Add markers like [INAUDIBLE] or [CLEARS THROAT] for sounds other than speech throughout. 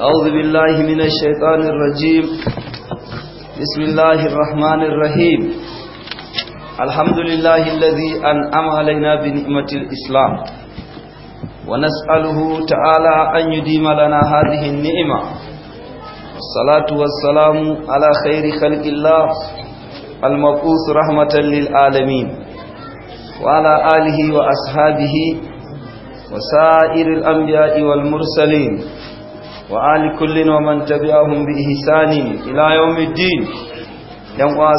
أعوذ بالله من الشيطان الرجيم بسم الله الرحمن الرحيم الحمد لله الذي أنعم علينا بنعمة الإسلام ونسأله تعالى أن يديم لنا هذه النعمة والصلاة والسلام على خير خلق الله المبعوث رحمة للعالمين وعلى آله وأصحابه وسائر الأنبياء والمرسلين وآل bi ihsanin تبعهم بإحسان إلى يوم الدين ينقى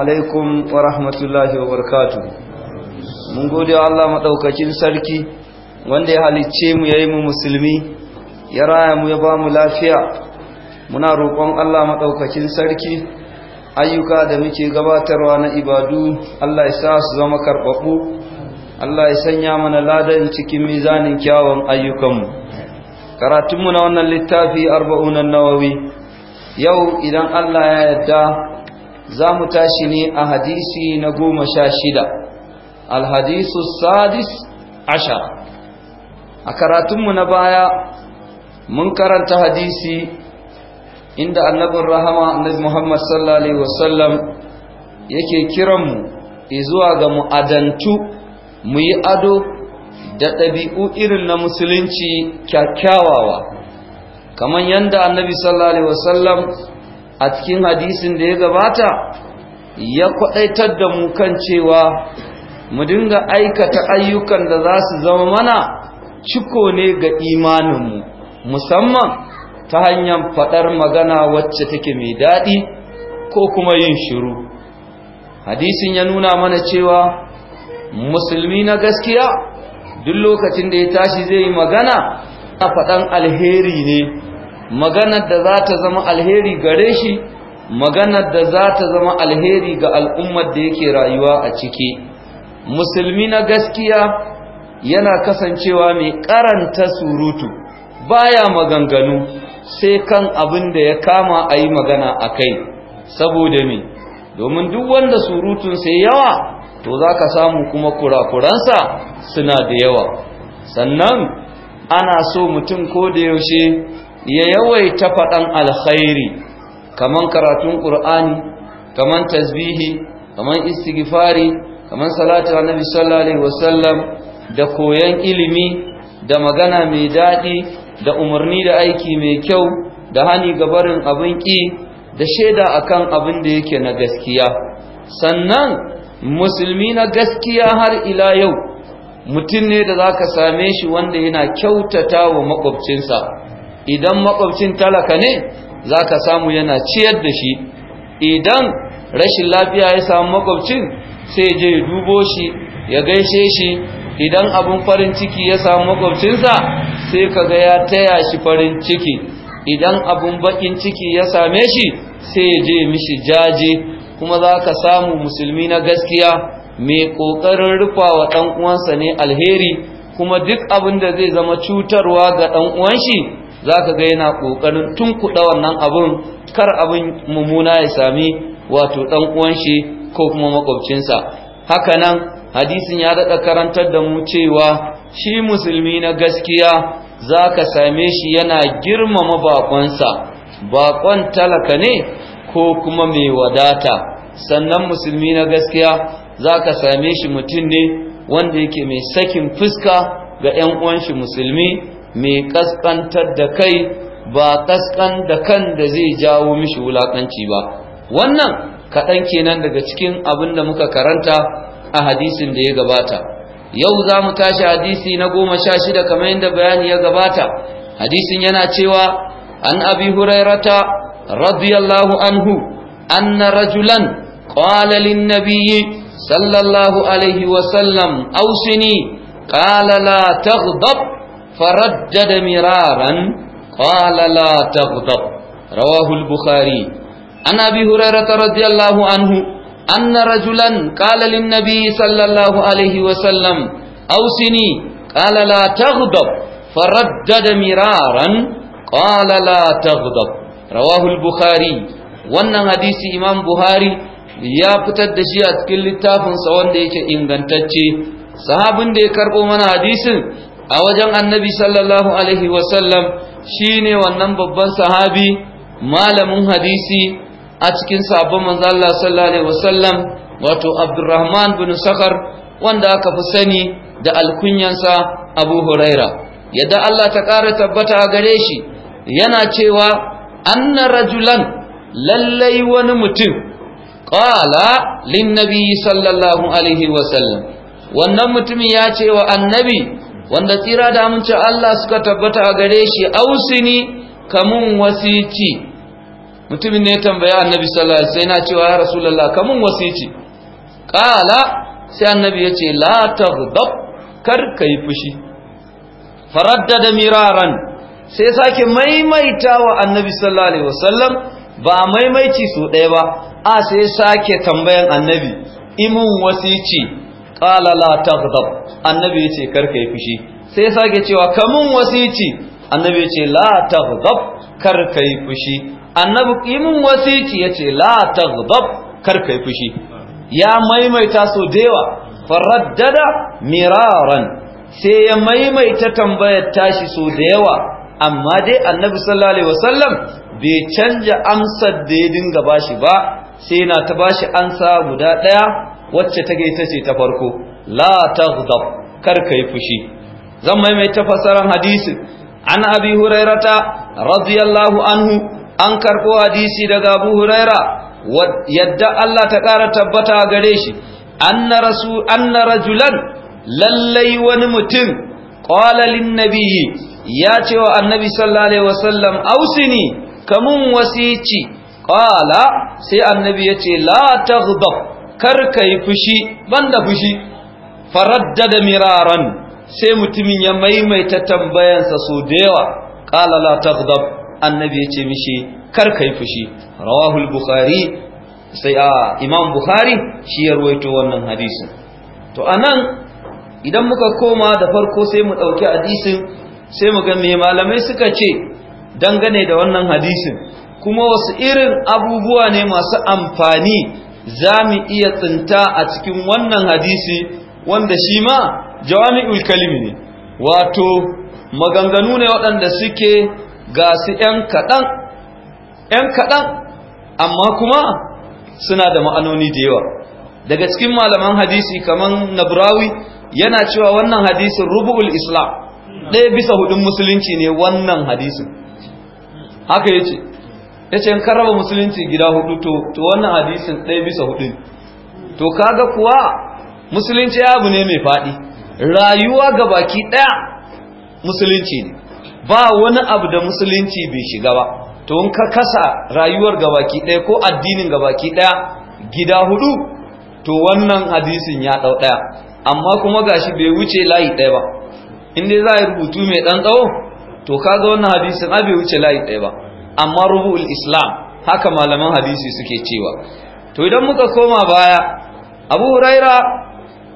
alaikum wa rahmatullahi wa وبركاته mun gode wa Allah madaukakin sarki wanda ya halicce mu yayi mu musulmi ya raya mu ya ba mu lafiya muna roƙon Allah madaukakin sarki ayyuka da muke gabatarwa na ibadu Allah ya sa su zama karɓaɓɓu Allah ya sanya mana ladan cikin mizanin kyawun ayyukanmu karatunmu na wannan littafi arba'unan nawawi yau idan Allah ya yadda za mu tashi ne a hadisi na goma sha shida alhadisu sadis asha a karatunmu na baya mun karanta hadisi inda annabin rahama annabi Muhammad sallallahu alaihi wasallam yake kiranmu izuwa ga mu'adantu mu yi ado da ɗabi'u irin na musulunci kyakkyawawa kamar yadda annabi sallallahu alaihi wasallam a cikin hadisin da ya gabata ya kwaɗaitar da mu kan cewa mu dinga aikata ayyukan da za su zama mana ciko ne ga imaninmu musamman ta hanyar faɗar magana wacce take mai daɗi ko kuma yin shiru hadisin ya nuna mana cewa musulmi na gaskiya duk lokacin da ya tashi zai yi magana a faɗan alheri ne maganar da za ta zama alheri gare shi maganar da za ta zama alheri ga al'ummar da yake rayuwa a ciki musulmi na gaskiya yana kasancewa mai karanta surutu baya maganganu sai kan abin da ya kama a yi magana a kai saboda me domin duk wanda surutun sai yawa to za ka samu kuma kurakuransa suna da yawa sannan ana so mutum ko da yaushe ya yawaita faɗan alkhairi kaman karatun ƙur'ani kaman tasbihi kaman istighfari kaman salatu annabi sallallahu alaihi wasallam da koyan ilimi da magana mai daɗi da umarni da aiki mai kyau da hani ga barin abin ƙi da shaida akan abin da yake na gaskiya sannan musulmi na gaskiya har ila yau mutum ne da za ka same shi wanda yana kyautata wa makwabcinsa idan makwabcin talaka ne za ka samu yana ciyar da shi idan rashin lafiya ya samu makwabcin sai je dubo shi ya gaishe shi idan abin farin ciki ya samu makwabcinsa sai ka ga ya taya shi farin ciki idan abin bakin ciki ya same shi sai je mishi jaje kuma za ka samu musulmi na gaskiya mai ƙoƙarin rufawa ɗan uwansa ne alheri kuma duk abin da zai zama cutarwa ga ɗan uwan shi za ka ga yana ƙoƙarin kuɗa wannan abin kar abin mummuna ya sami wato ɗan uwan shi ko kuma makwabcinsa haka nan hadisin ya daɗa karantar da mu cewa shi musulmi na gaskiya za ka same shi yana girmama baƙonsa baƙon talaka ne ko kuma mai wadata sannan musulmi na gaskiya za ka same shi mutum ne wanda yake mai sakin fuska ga 'yan uwanshi musulmi mai kaskantar da kai ba kaskan da kan da zai jawo mishi wulakanci ba wannan kaɗan kenan daga cikin abin da muka karanta a hadisin da ya gabata yau za mu tashi hadisi na goma sha shida kamar yadda bayani ya gabata hadisin yana cewa an abi hurairata رضي الله عنه أن رجلا قال للنبي صلى الله عليه وسلم أوسني قال لا تغضب فردد مرارا قال لا تغضب رواه البخاري عن أبي هريرة رضي الله عنه أن رجلا قال للنبي صلى الله عليه وسلم أوسني قال لا تغضب فردد مرارا قال لا تغضب rawahul Buhari, wannan hadisi imam buhari ya fitar da shi a cikin littafinsa wanda yake ingantacce sahabin da ya karɓo mana hadisin a wajen annabi sallallahu alaihi wasallam shi ne wannan babban sahabi malamin hadisi a cikin sabon manzo Allah sallallahu alaihi wasallam wato abdurrahman bin sakhar wanda aka fi sani da alkunyansa abu huraira yadda Allah ta ƙara tabbata a gare shi yana cewa anna rajulan lallai wani mutum qala linnabi sallallahu alaihi wasallam wannan mutumin ya ce annabi wanda tsira da amince Allah suka tabbata a gare shi ausini kamun wasici mutumin ne tambaya annabi sallallahu alaihi wasallam cewa ya rasulullah kamun wasici qala sai annabi yace la taghdab kar kai fushi faraddada miraran sai ya sake maimaita wa annabi sallallahu alaihi wasallam ba maimaici su ɗaya ba a sai sake tambayan annabi imun wasici qala la taghdab annabi yace karka yi fushi sai ya sake cewa kamun wasici annabi yace la taghdab karka yi fushi annabi imun wasici yace la taghdab karka yi fushi ya maimaita su dewa faraddada miraran sai ya maimaita tambayar tashi su da yawa amma dai annabi sallallahu alaihi wasallam bai canja amsar da ya dinga bashi ba sai na ta bashi ansa guda ɗaya wacce take ita ce ta farko la taghdab kar kai fushi zan maimaita fasaran hadisi. an abi hurairata radiyallahu anhu an karbo hadisi daga abu huraira yadda Allah ta ƙara tabbata gare shi anna rasu anna rajulan lallai wani mutum qala lin nabiyyi ya ce wa annabi sallallahu alaihi wasallam ausini kamun wasici qala sai annabi ya ce la taghdab kar kai fushi banda fushi faraddada miraran sai mutumin ya maimaita tambayansa su da yawa qala la taghdab annabi ya ce mishi kar kai fushi rawahu al-bukhari sai a imam bukhari shi ya ruwaito wannan hadisin to anan idan muka koma da farko sai mu dauki hadisin sai mu ga me malamai suka ce dangane da wannan hadisin kuma wasu irin abubuwa ne masu amfani za mu iya tsinta a cikin wannan hadisi wanda shi ma jawami'ul kalimi ne wato maganganu ne waɗanda suke ga su 'yan kaɗan 'yan kaɗan amma kuma suna da ma'anoni da yawa daga cikin malaman hadisi kamar nabrawi yana cewa wannan hadisin rubu'ul islam ɗaya bisa hudun musulunci ne wannan hadisin haka yace yace in ka raba musulunci gida hudu to wannan hadisin ɗaya bisa hudun to kaga kuwa musulunci abu ne mai faɗi rayuwa ga baki ɗaya musulunci ne ba wani abu da musulunci bai shiga ba to in ka kasa rayuwar ga baki ɗaya ko addinin ga baki ɗaya gida hudu to wannan hadisin ya ɗau ɗaya amma kuma gashi bai wuce layi ɗaya ba in dai za a rubutu mai ɗan tsawo to kaga wannan hadisin abe wuce layi ɗaya ba amma rubu'ul islam haka malaman hadisi suke cewa to idan muka koma baya abu huraira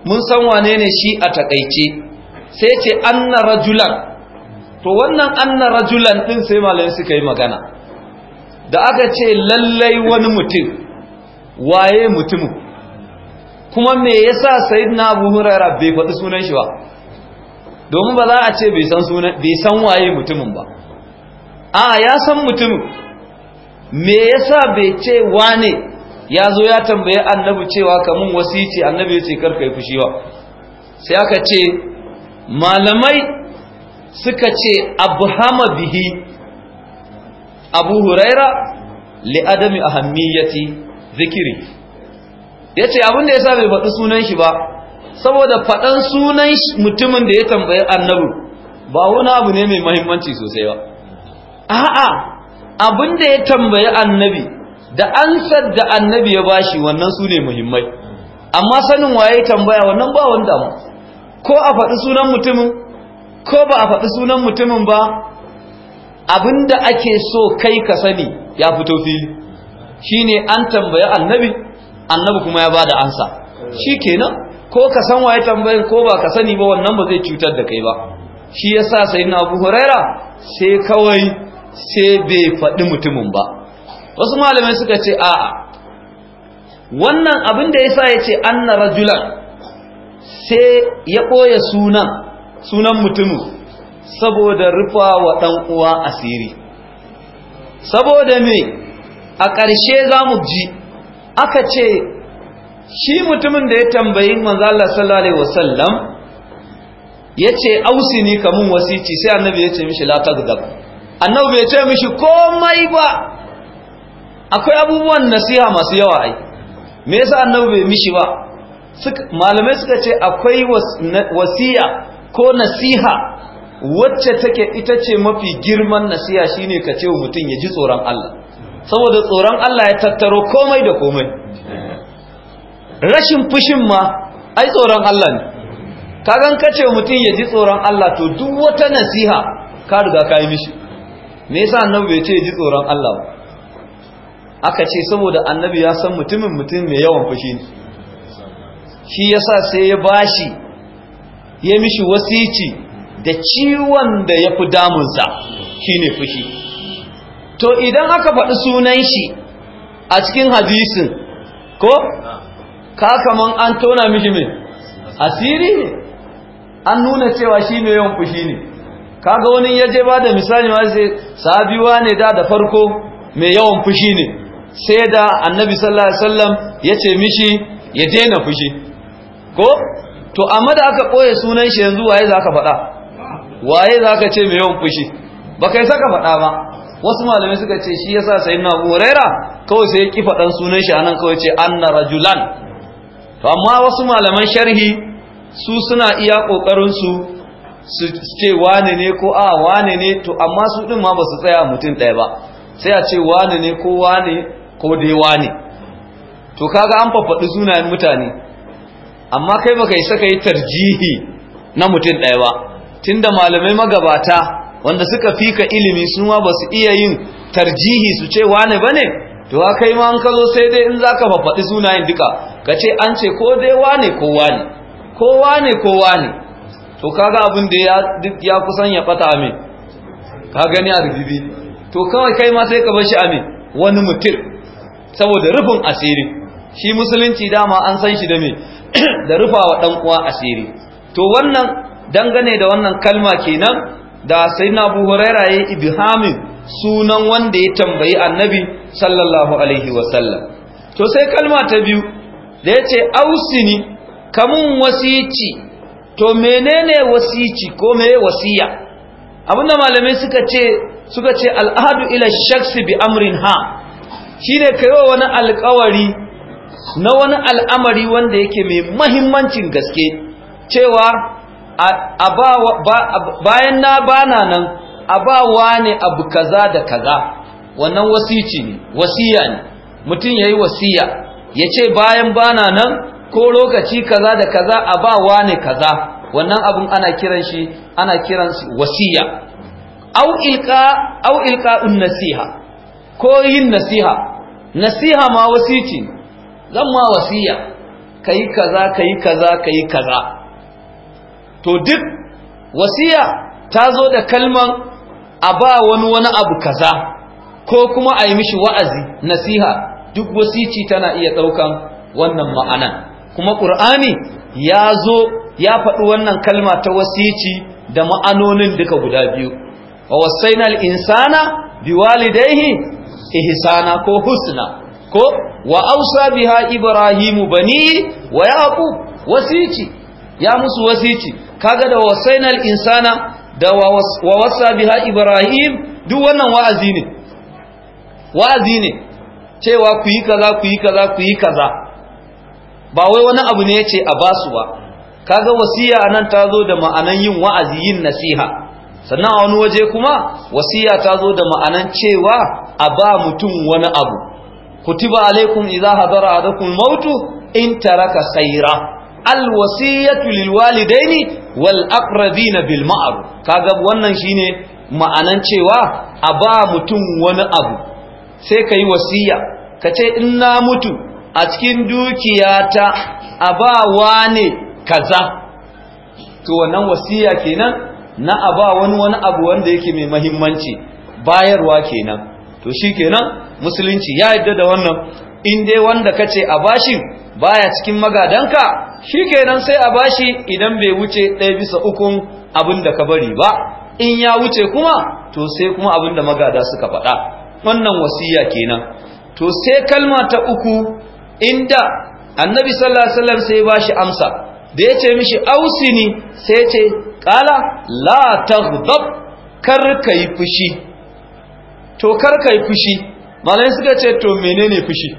mun san wane ne shi a takaice sai ce anna rajulan to wannan anna rajulan din sai malamai suka yi magana da aka ce lallai wani mutum waye mutumin kuma me yasa sayyidina abu huraira bai faɗi sunan shi ba domin ba za a ce bai san waye mutumin ba a ya san mutumin me yasa bai ce wane ya zo ya tambaye annabi cewa kamun wasiti annabi ya ce karka yi fushi ba sai aka ce malamai suka ce hama bihi abu huraira li adami ahammiyati zikiri yace abin da yasa bai faɗi sunan shi ba saboda faɗan sunan mutumin da ya tambayi annabi ba wani abu ne mai mahimmanci sosai ba a'a abin da ya tambayi annabi da ansar da annabi ya bashi wannan su ne muhimmai amma sanin waye tambaya wannan ba wani damu ko a faɗi sunan mutumin ko ba a faɗi sunan mutumin ba abin da ake so kai ka sani ya fito fili shine an tambayi annabi annabi kuma ya bada ansa shikenan ko ka san waye tambayin ko ba ka sani ba wannan ba zai cutar da kai ba shi yasa sai na Abu Huraira sai kawai sai bai faɗi mutumin ba wasu malamai suka ce a'a wannan abin da yasa yace anna rajulan sai ya ɓoye sunan sunan mutumin saboda rufa wa ɗan uwa asiri saboda me a ƙarshe za mu ji aka ce shi mutumin da ya tambayi manzo Allah sallallahu alaihi wasallam yace ausini kamun wasici sai annabi yace mishi la tagdab annabi bai ce mishi komai ba akwai abubuwan nasiha masu yawa ai me yasa annabi bai mishi ba malamai suka ce akwai wasiya ko nasiha wacce take ita ce mafi girman nasiha shine ka ce wa mutum ya ji tsoron Allah saboda tsoron Allah ya tattaro komai da komai rashin fushin ma ai tsoron Allah ne kagan kace mutum ya ji tsoron Allah to duk wata nasiha ka riga ka yi mishi me yasa annabi bai ce ji tsoron Allah ba aka ce saboda annabi ya san mutumin mutum mai yawan fushi ne shi yasa sai ya bashi ya mishi wasici da ciwon da ya fi damunsa shine fushi to idan aka faɗi sunan shi a cikin hadisin ko ka kaman an tona mishi mai asiri ne an nuna cewa shi mai yawan fushi ne kaga wani ya je ba da misali ma sai sabiwa ne da da farko mai yawan fushi ne sai da annabi sallallahu alaihi wasallam ya ce mishi ya daina fushi ko to amma da aka koye sunan shi yanzu waye zaka faɗa waye zaka ce mai yawan fushi ba kai saka faɗa ba wasu malamai suka ce shi yasa sayyidina Abu Huraira kawai sai ya ki faɗan sunan shi anan kawai ce anna rajulan to amma wasu malaman sharhi su suna iya kokarin su su ce wane ne ko a wane ne to amma su din ma ba su tsaya mutum ɗaya ba sai a ce wane ne ko wane ko dai wane to kaga an fafaɗi sunayen mutane amma kai baka isa ka yi tarjihi na mutum ɗaya ba tunda malamai magabata wanda suka fika ilimi su ma ba su iya yin tarjihi su ce wane ba ne to haka yi ma an kazo sai dai in za ka fafaɗi sunayen duka ka ce an ce ko dai wane kowa ne kowa ne kowa ne to kaga abin da ya kusan ya fata amin ka gani a rigibi to kawai kai ma sai ka bar shi a wani mutum saboda rufin asiri shi musulunci dama an san shi da me [CLEARS THROAT] da rufa wa dan uwa asiri to wannan dangane da wannan kalma kenan da sayyidina Abu Hurairah ya ibhamin sunan wanda ya tambayi annabi sallallahu alaihi wasallam to sai kalma ta biyu da ya ce ausini kamun wasici to menene wasici ko meye wasiya abinda malamai suka ce suka ce al'adu ila shaksi bi amrin ha shine kaiwa wani alkawari na wani al'amari wanda yake mai mahimmancin gaske cewa bayan na bana nan a ba ne abu kaza da kaza wannan wasici ne wasiya ne mutum ya yi wasiya ya ce bayan bana nan ko lokaci kaza da kaza a ba wane kaza wannan abun ana kiran shi ana kiran wasiya au ilka au nasiha ko yin nasiha nasiha ma wasici zan ma wasiya kai kaza kai kaza kai kaza to duk wasiya ta zo da kalman a ba wani wani abu kaza ko kuma a yi mishi wa'azi nasiha duk wasici tana iya ɗaukan wannan ma'anan kuma ƙur'ani ya zo ya faɗi wannan kalma ta wasici da ma'anonin duka guda biyu wa wasainal insana biwalidayhi ihsana ko husna ko wa ausa biha ibrahimu bani wa yaqub wasici ya musu wasici kaga da wasainal insana da wa wasa biha ibrahim duk wannan wa'azi ne wa'azi ne cewa ku yi kaza ku yi kaza ku yi kaza ba wai wani abu ne yace a basu ba kaga wasiya nan ta zo da ma'anan yin wa'azi yin nasiha sannan a wani waje kuma wasiya ta zo da ma'anan cewa a ba mutum wani abu kutiba alaikum idza hadara adakum mautu in taraka sayra alwasiyatu lilwalidaini wal aqrabina bil ma'ruf kaga wannan shine ma'anan cewa a ba mutum wani abu sai ka yi wasiya ka ce in na mutu a cikin dukiyata a ba wane kaza to wannan wasiya kenan na a ba wani wani abu wanda yake mai mahimmanci bayarwa kenan to shi kenan musulunci ya yadda da wannan in dai wanda ka ce a bashi baya cikin magadanka shi kenan sai a bashi idan bai wuce ɗaya bisa ukun abin da ka bari ba in ya wuce kuma to sai kuma abin da magada suka faɗa wannan wasiya kenan to sai kalma ta uku inda annabi sallallahu alaihi wasallam sai ba shi amsa da yace mishi ausini sai ce qala la taghdab kar kai fushi to kar kai fushi malai suka ce to menene fushi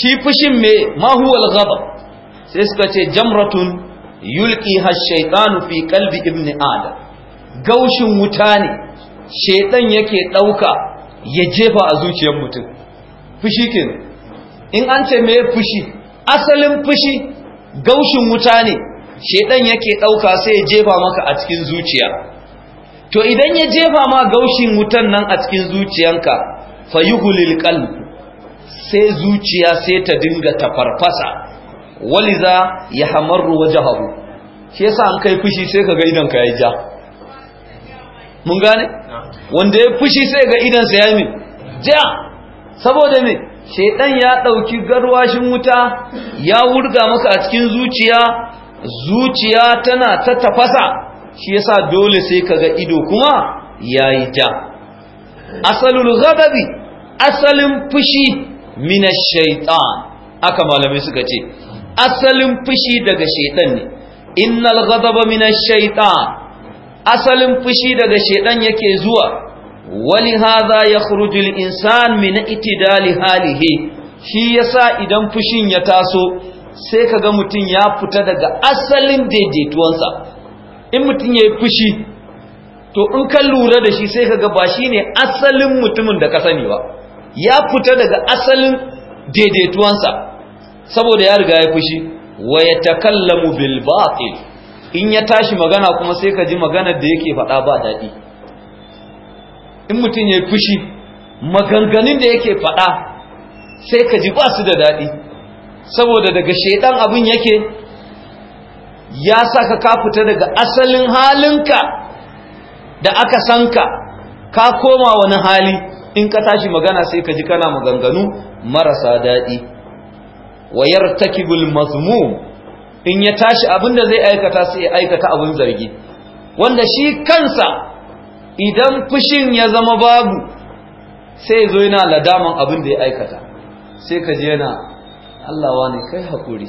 shi fushin me ma huwa al sai suka ce jamratun yulqi ash-shaytanu fi qalbi ibni adam gaushin wuta ne shaitan yake ɗauka ya jefa a zuciyar mutum fushi ke in an ce mai fushi asalin fushi gaushin wuta ne shedan yake ɗauka sai ya jefa maka a cikin zuciya to idan ya jefa ma gaushin wutan nan a cikin zuciyanka fayuhulil qalb sai zuciya sai ta dinga ta tafarfasa waliza ya hamarru wajahu shi yasa an kai fushi sai ka ga idan ka ya ja mun gane wanda ya fushi sai ga idansa ya mi ja saboda me shaidan ya ɗauki garwashin wuta ya wurga maka a cikin zuciya zuciya tana ta tafasa shi yasa dole sai ka ga ido kuma ya yi ja asalul ghadabi asalin fushi mina shaitan aka malamai suka ce asalin fushi daga shaitan ne innal ghadaba mina shaitan asalin fushi daga shedan yake zuwa wali hadha yakhrujul insan min itidali halihi shi yasa idan fushin ya taso sai kaga mutun ya fita daga asalin daidaituwansa in mutun yayi fushi to in ka lura da shi sai kaga ba shine asalin mutumin da ka sani ba ya fita daga asalin daidaituwansa saboda ya riga ya fushi wa yatakallamu bil batil in ya tashi magana kuma sai ka ji magana da yake faɗa ba daɗi in mutum ya yi fushi maganganun da yake faɗa sai ka ji ba su da daɗi saboda daga shaidan abin yake ya saka ka fita daga asalin halinka da aka san ka ka koma wani hali in ka tashi magana sai ka ji kana maganganu marasa daɗi wayar takibul mazmum in ya tashi abin da zai aikata sai ya aikata abin zargi wanda shi kansa idan fushin ya zama babu sai zo yana ladaman abin da ya aikata sai ka je na Allah ne kai hakuri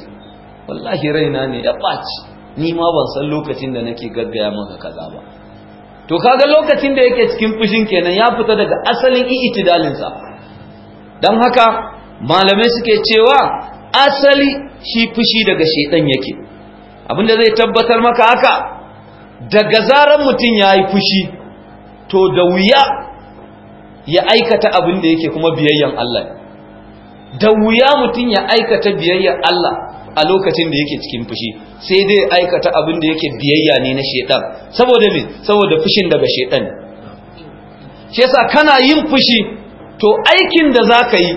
wallahi raina ne ya ɓaci ni ma ban san lokacin da nake gaggaya maka kaza ba to kaga lokacin da yake cikin fushin kenan ya fita daga asalin i'tidalinsa dan haka malamai suke cewa asali shi fushi daga shaidan yake abinda zai tabbatar maka haka daga zaran mutum ya yi fushi to da wuya ya aikata abin da yake kuma biyayyan Allah da wuya mutum ya aikata biyayyan Allah a lokacin da yake cikin fushi sai dai aikata abin da yake biyayya ne na shaidan saboda me saboda fushin daga shaidan shi yasa kana yin fushi to aikin da zaka yi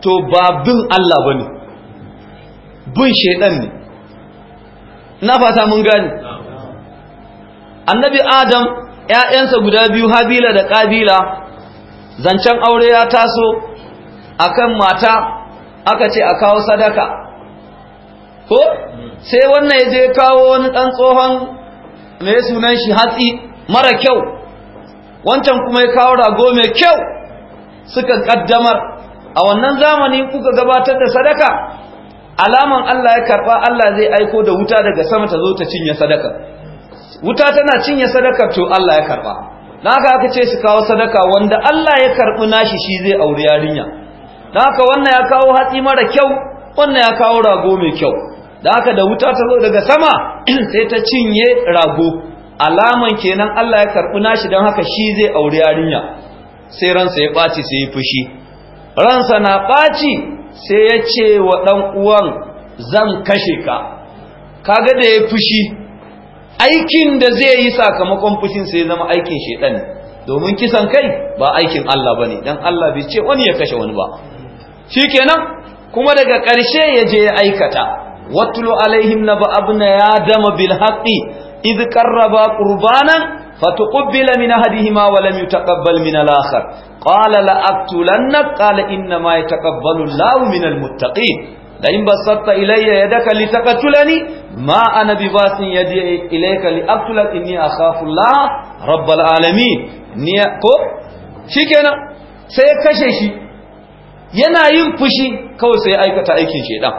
to ba bin Allah bane bin shaidan ne na fata mun gani? annabi adam ‘ya'yansa guda biyu habila da ƙabila zancen aure ya taso akan mata aka ce a kawo sadaka ko sai wannan ya je kawo wani ɗan tsohon mai sunan shi hatsi mara kyau wancan kuma ya kawo rago mai kyau suka ƙaddamar a wannan zamani kuka gabatar da sadaka alaman Allah ya karba Allah zai aiko da wuta daga sama ta zo ta cinye sadaka wuta tana cinye sadaka to Allah ya karba dan haka aka ce su kawo sadaka wanda Allah ya karbi nashi shi zai aure yarinya dan haka wannan ya kawo hatsi mara kyau wannan ya kawo rago mai kyau dan haka da wuta ta zo daga sama [CLEARS THROAT] sai ta cinye rago alaman kenan Allah ya karbi nashi dan haka shi zai aure yarinya sai ransa ya baci sai ya fushi ransa na ɓaci sai ya ce wa ɗan uwan zan kashe ka kaga da ya fushi aikin da zai yi sakamakon fushin sai zama aikin shedan domin kisan kai ba aikin Allah ne, dan Allah bai ce wani ya kashe wani ba Shi kenan kuma daga ƙarshe ya je ya aikata watlu alaihim naba abna ya dama bil haqqi ƙarraba qarraba فتقبل من أحدهما ولم يتقبل من الآخر قال لأقتلنك قال إنما يتقبل الله من المتقين لئن بسطت إلي يدك لتقتلني ما أنا بباس يدي إليك لأقتلك إني أخاف الله رب العالمين إني كو شكنا سيكششي yana yin fushi kawai sai aikata aikin shedan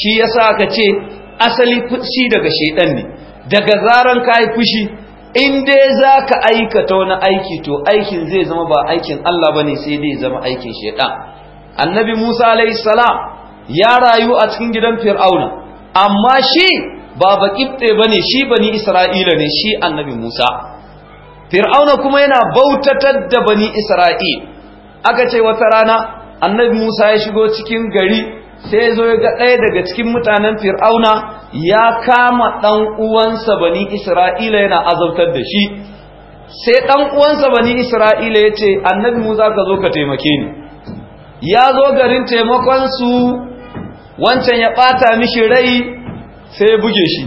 shi yasa aka ce asali fushi daga shedan ne daga zaran ka yi fushi in dai za ka aikata wani aiki to aikin zai zama ba aikin Allah ba ne sai dai zama aikin shaidan annabi musa salam ya rayu a cikin gidan fir'auna amma shi ba baƙibɗe ba ne shi bani isra'ila ne shi annabi musa fir'auna kuma yana bautatar da bani isra'il aka ce wata rana annabi musa ya shigo cikin gari sai zo ya ga ɗaya daga cikin mutanen fir'auna ya kama ɗan uwansa bani isra'ila yana azabtar da shi sai ɗan uwansa bani isra'ila ya ce annabi mu za ka zo ka taimake ni ya zo garin taimakonsu wancan ya ɓata mishi rai sai ya buge shi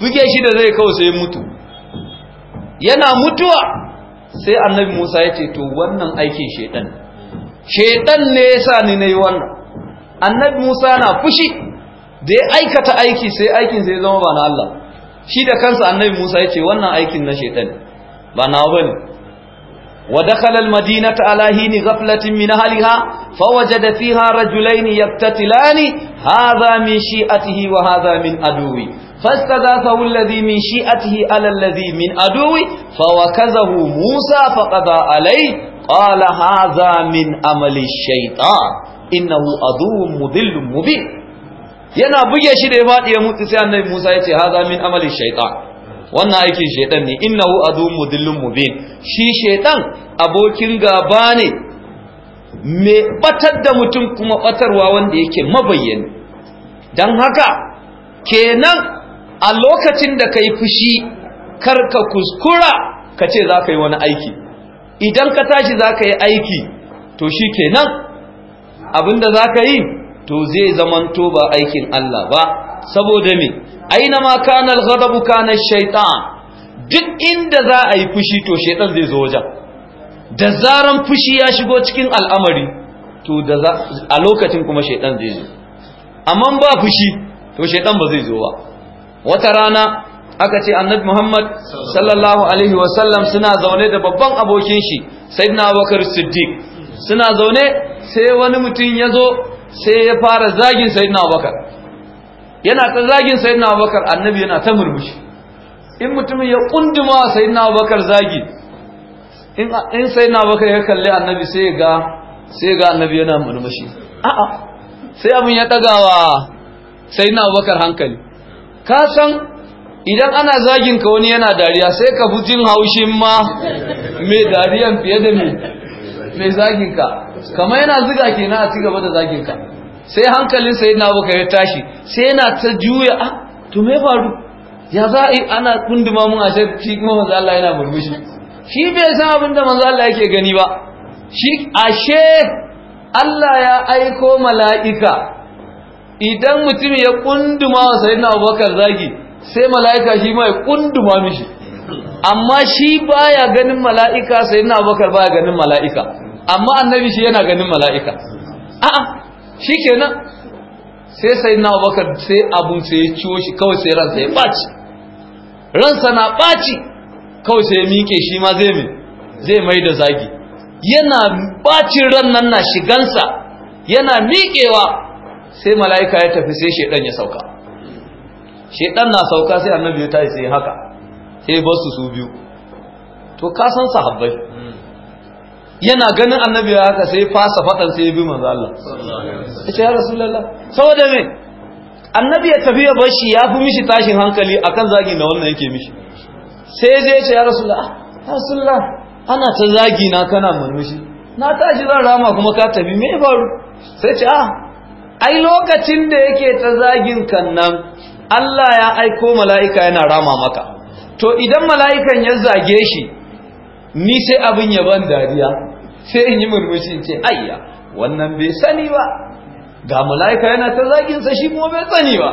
buge shi da zai kawo sai mutu yana mutuwa sai annabi musa ya ce to wannan aikin shaidan shaidan ne ya sa ni na yi wannan annabi Musa na fushi da ya aikata aiki sai aikin sai zama ba na Allah shi da kansa annabi Musa ya ce wannan aikin na shaitan ba na bane wa dakhala almadinata ala hini ghaflatin min ahliha fawajada fiha rajulain yaktatilani hadha min shi'atihi wa hadha min aduwi فاستغاثه الذي من شيئته على الذي من عدوه فوكزه موسى فقضى alai? قال هذا min عمل الشيطان innahu aduwwun mudillun mubin yana buge shi da ya faɗi ya mutu sai annabi Musa ya ce haza min amali shaytan wannan aikin shaytan ne innahu aduwwun mudillun mubin shi shaytan abokin gaba ne me batar da mutum kuma batarwa wanda yake mabayyani dan haka kenan a lokacin da kai fushi karka kuskura ka ce za ka yi wani aiki idan ka tashi za ka yi aiki to shi kenan abinda za ka yi to zai zamanto ba aikin Allah ba saboda me aina ma kana al kana duk inda za a yi fushi to shaitan zai zo wajen da zaran fushi ya shigo cikin al'amari to da a lokacin kuma shaitan zai zo amma ba fushi to shaitan ba zai zo ba wata rana aka ce annabi Muhammad sallallahu alaihi sallam suna zaune da babban abokin shi sayyidina Abubakar Siddiq suna zaune sai wani mutum ya zo sai ya fara zagin sayyidina abubakar yana ta zagin sayyidina abubakar annabi yana ta murmushi in mutumin ya kunduma sayyidina abubakar zagi in sayyidina abubakar ya kalli annabi sai ga sai ga annabi yana murmushi a'a sai abin ya dagawa sayyidina abubakar hankali ka san idan ana zagin ka wani yana dariya sai ka fi jin haushin ma mai dariyan fiye da mai zaginka kama yana ziga na a ci gaba da zagin ka sai hankalin sai na buka ya tashi sai yana ta juya a ah, to me faru ya za a yi ana kunduma mun a shi kuma manzo Allah yana murmushi shi bai san abin da manzo Allah yake gani ba shi ashe Allah ya aiko mala'ika idan mutum ya kunduma wa sayyidina Abubakar zagi sai mala'ika shi ma ya kunduma mishi amma shi baya ganin mala'ika sayyidina Abubakar baya ganin mala'ika amma annabi shi yana ganin mala'ika a'a shi kenan sai sai na bakar sai abun sai ya ciwo shi kawai sai ransa ya ɓaci ransa na ɓaci kawai sai ya miƙe shi ma zai mai zai mai da zagi yana ɓacin ran nan na shigansa yana miƙewa sai mala'ika ya tafi sai shaidan ya sauka shaidan na sauka sai annabi ya tashi sai haka sai ba su biyu to ka san sahabbai yana ganin annabi ya haka sai fasa faɗan sai ya bi manzo Allah ya rasu ya rasulullah saboda me annabi ya tafi ya bar shi ya fi mishi tashin hankali akan zagi na wannan yake mishi sai je ya ce ya rasulullah ah, ya rasulullah ana ta zagi na kana murmushi na tashi zan rama kuma ka tafi me faru sai ce ah ai lokacin da yake ta zagin kan nan Allah ya aiko mala'ika yana rama maka to idan mala'ikan ya zage shi ni sai abin ya ban dariya sai in yi murmushi in ce ayya wannan bai sani ba ga mala'ika yana ta zaginsa shi kuma bai sani ba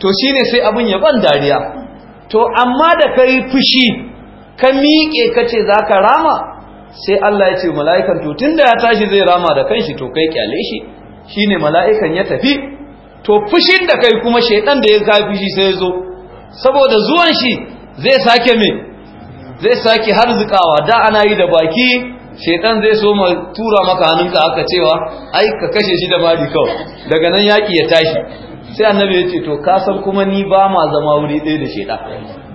to shine sai abin ya ban dariya to amma da ka fushi ka miƙe ka ce za ka rama sai Allah ya ce mala'ikan to tun da ya tashi zai rama da kanshi to kai kyale shi shine mala'ikan ya tafi to fushin da kai kuma shaidan da ya ga shi sai ya zo saboda zuwan shi zai sake me zai sake harzikawa da ana yi da baki shedan zai so ma tura maka hannunka aka cewa ai ka kashe shi da mari kawai daga nan yaƙi ya tashi sai annabi ya ce to ka san kuma ni ba ma zama wuri ɗaya da shedan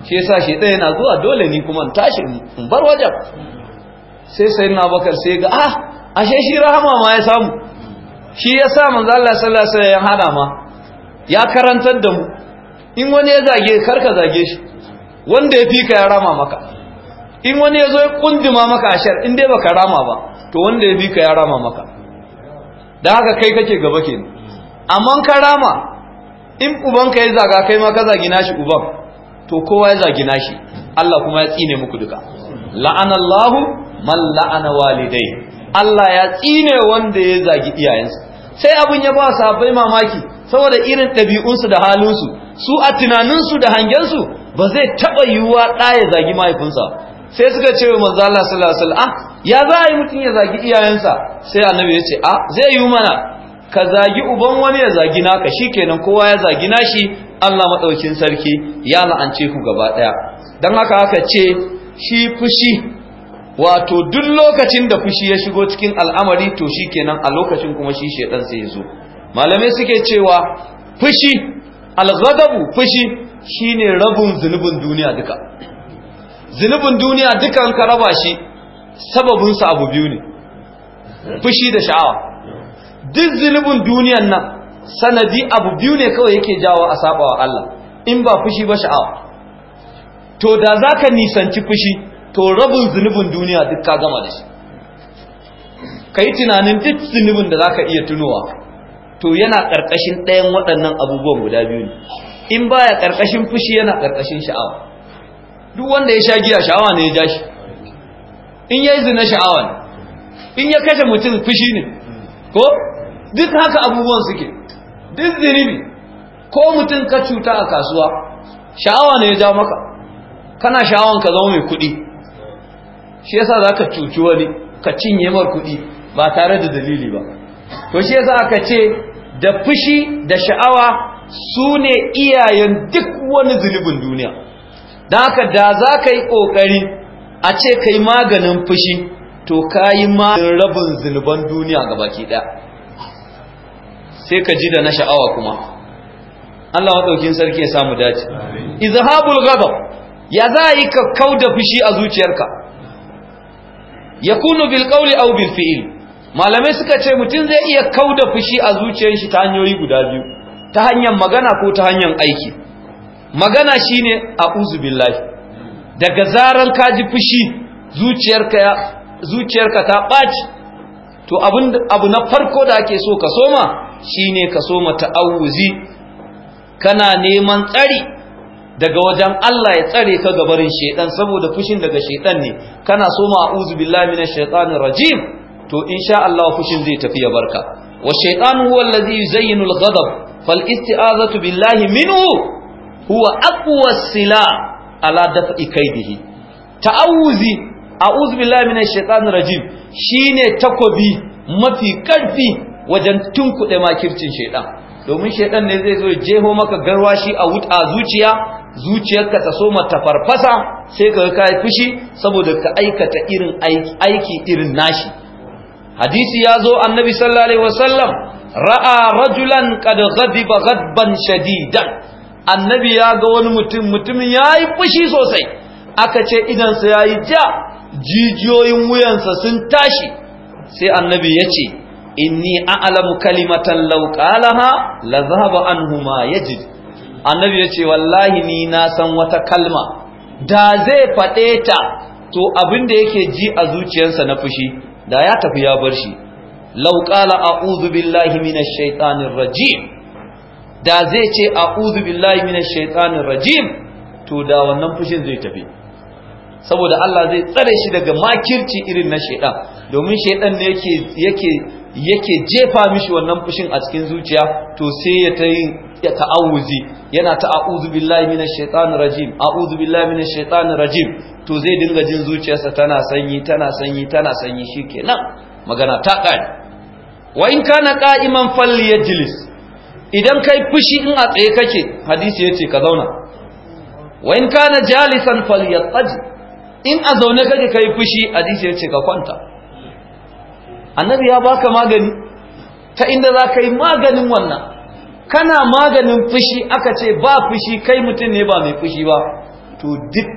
shi yasa shedan yana zuwa dole ni kuma in tashi in bar wajen sai sai na bakar sai ga ah ashe shi rahama ma ya samu shi ya manzo Allah sallallahu alaihi wasallam ya hada ma ya karantar da mu in wani ya zage karka zage shi wanda ya fika ya rama maka in wani ya zo ya kundima maka ashar in dai baka rama ba to wanda ya bi ka ya rama maka da haka kai kake gaba ke amma ka rama in ubanka ya zaga kai ma ka zagi nashi uban to kowa ya zagi nashi Allah kuma ya tsine muku duka la'anallahu man la'ana walidai Allah ya tsine wanda ya zagi iyayensa sai abun ya ba sahabbai mamaki saboda irin ɗabi'unsu da halinsu su a tunaninsu da hangensu ba zai taɓa yiwuwa ɗaya zagi mahaifinsa sai suka ce wa manzo Allah sallallahu alaihi wasallam ah ya za a yi mutum ya zagi iyayensa sai annabi ya ce ah zai yi mana ka zagi uban wani ya zagi naka shikenan kowa ya zagi nashi Allah madaukin sarki ya la'ance ku gaba daya dan haka haka ce shi fushi wato duk lokacin da fushi ya shigo cikin al'amari to shikenan a lokacin kuma shi shedan sai ya zo malamai suke cewa fushi al-ghadabu fushi shine rabun zunubin duniya duka zunubin duniya dukan ka raba shi sababinsa abu biyu ne fushi da sha'awa duk zunubin duniyan nan sanadi abu biyu ne kawai yake jawo a sabawa Allah in ba fushi ba sha'awa to da za ka nisanci fushi to rabin zunubin duniya duk ka gama da shi ka yi tunanin duk zunubin da za ka iya tunowa to yana ƙarƙashin ɗayan waɗannan abubuwan guda biyu ne in baya ƙarƙashin fushi yana ƙarƙashin sha'awa duk wanda ya sha giya sha'awa ne ya ja shi in ya yi zina sha'awa ne in ya kashe mutum fushi ne ko duk haka abubuwan suke duk zinibi ko mutum ka cuta a kasuwa sha'awa ne ya ja maka kana sha'awan ka zama mai kuɗi shi yasa za ka cuci wani ka cinye mar kuɗi ba tare da dalili ba to shi yasa aka ce da fushi da sha'awa su ne iyayen duk wani zulubin duniya Da haka da za ka yi ƙoƙari a ce ka yi maganin fushi to ka yi maganin rabin zunuban duniya ga baki ɗaya sai ka ji da na sha'awa kuma Allah maɗaukin sarki ya samu dace izhabul ghadab ya za yi ka kauda fushi a zuciyarka yakunu bil qawli aw bil fi'l malamai suka ce mutum zai iya kauda fushi a zuciyar shi ta hanyoyi guda biyu ta hanyar magana ko ta hanyar aiki magana shine uzu billahi daga zaran ka ji fushi zuciyarka ta ɓaci, to abu na farko da ake so ka soma shine ka soma auzi. kana neman tsari daga wajen Allah ya tsare ka gabarin shaiɗan, saboda fushin daga shaiɗan ne kana soma uzu billahi na shaitanir rajim to insha Allah fushin zai tafi ya barka wa shaytanu wallazi yuzayyinul ghadab fal isti'azatu billahi minhu huwa aqwa sila ala daf'i kaidihi ta'awuzi a'udhu billahi minash shaitanir rajim shine takobi mafi karfi wajen tunkuɗe makircin shaitan domin shaitan ne zai zo jeho maka garwashi a wuta zuciya zuciyarka ta soma ta farfasa sai ka kai fushi saboda ka aikata irin aiki irin nashi hadisi ya zo annabi sallallahu alaihi wasallam ra'a rajulan qad ghadiba ghadban shadidan annabi ya ga wani mutum mutumin ya yi fushi sosai aka ce idansa ya yi ja jijiyoyin wuyansa sun tashi sai annabi ya ce inni a'lamu kalimatan law ha? la an huma, ya yajid annabi ya ce wallahi ni na san wata kalma da zai faɗe ta to abinda yake ji a zuciyarsa na fushi da ya tafi ya bar shi lauƙala a a'udhu billahi shaitanin rajim da zai ce uzu billahi minash shaitanin rajim to da wannan fushin zai tafi saboda Allah zai tsare shi daga makirci irin na shaitan domin shaitan ne yake jefa mishi wannan fushin a cikin zuciya to sai ya ta yin ta'awuzi yana ta a'udhu billahi minash shaitanir rajim a'udhu billahi minash shaitanir rajim to zai dinga jin zuciyarsa tana sanyi tana sanyi tana sanyi shikenan magana ta kai wa in kana qa'iman falyajlis idan kai fushi in a tsaye kake hadisi ya ce ka zauna wa in na jalisan falyattaji in a zaune kake kai fushi hadisi ya ce ka kwanta annabi ya baka magani ta inda za ka yi maganin wannan kana maganin fushi aka ce ba fushi kai mutum ne ba mai fushi ba to duk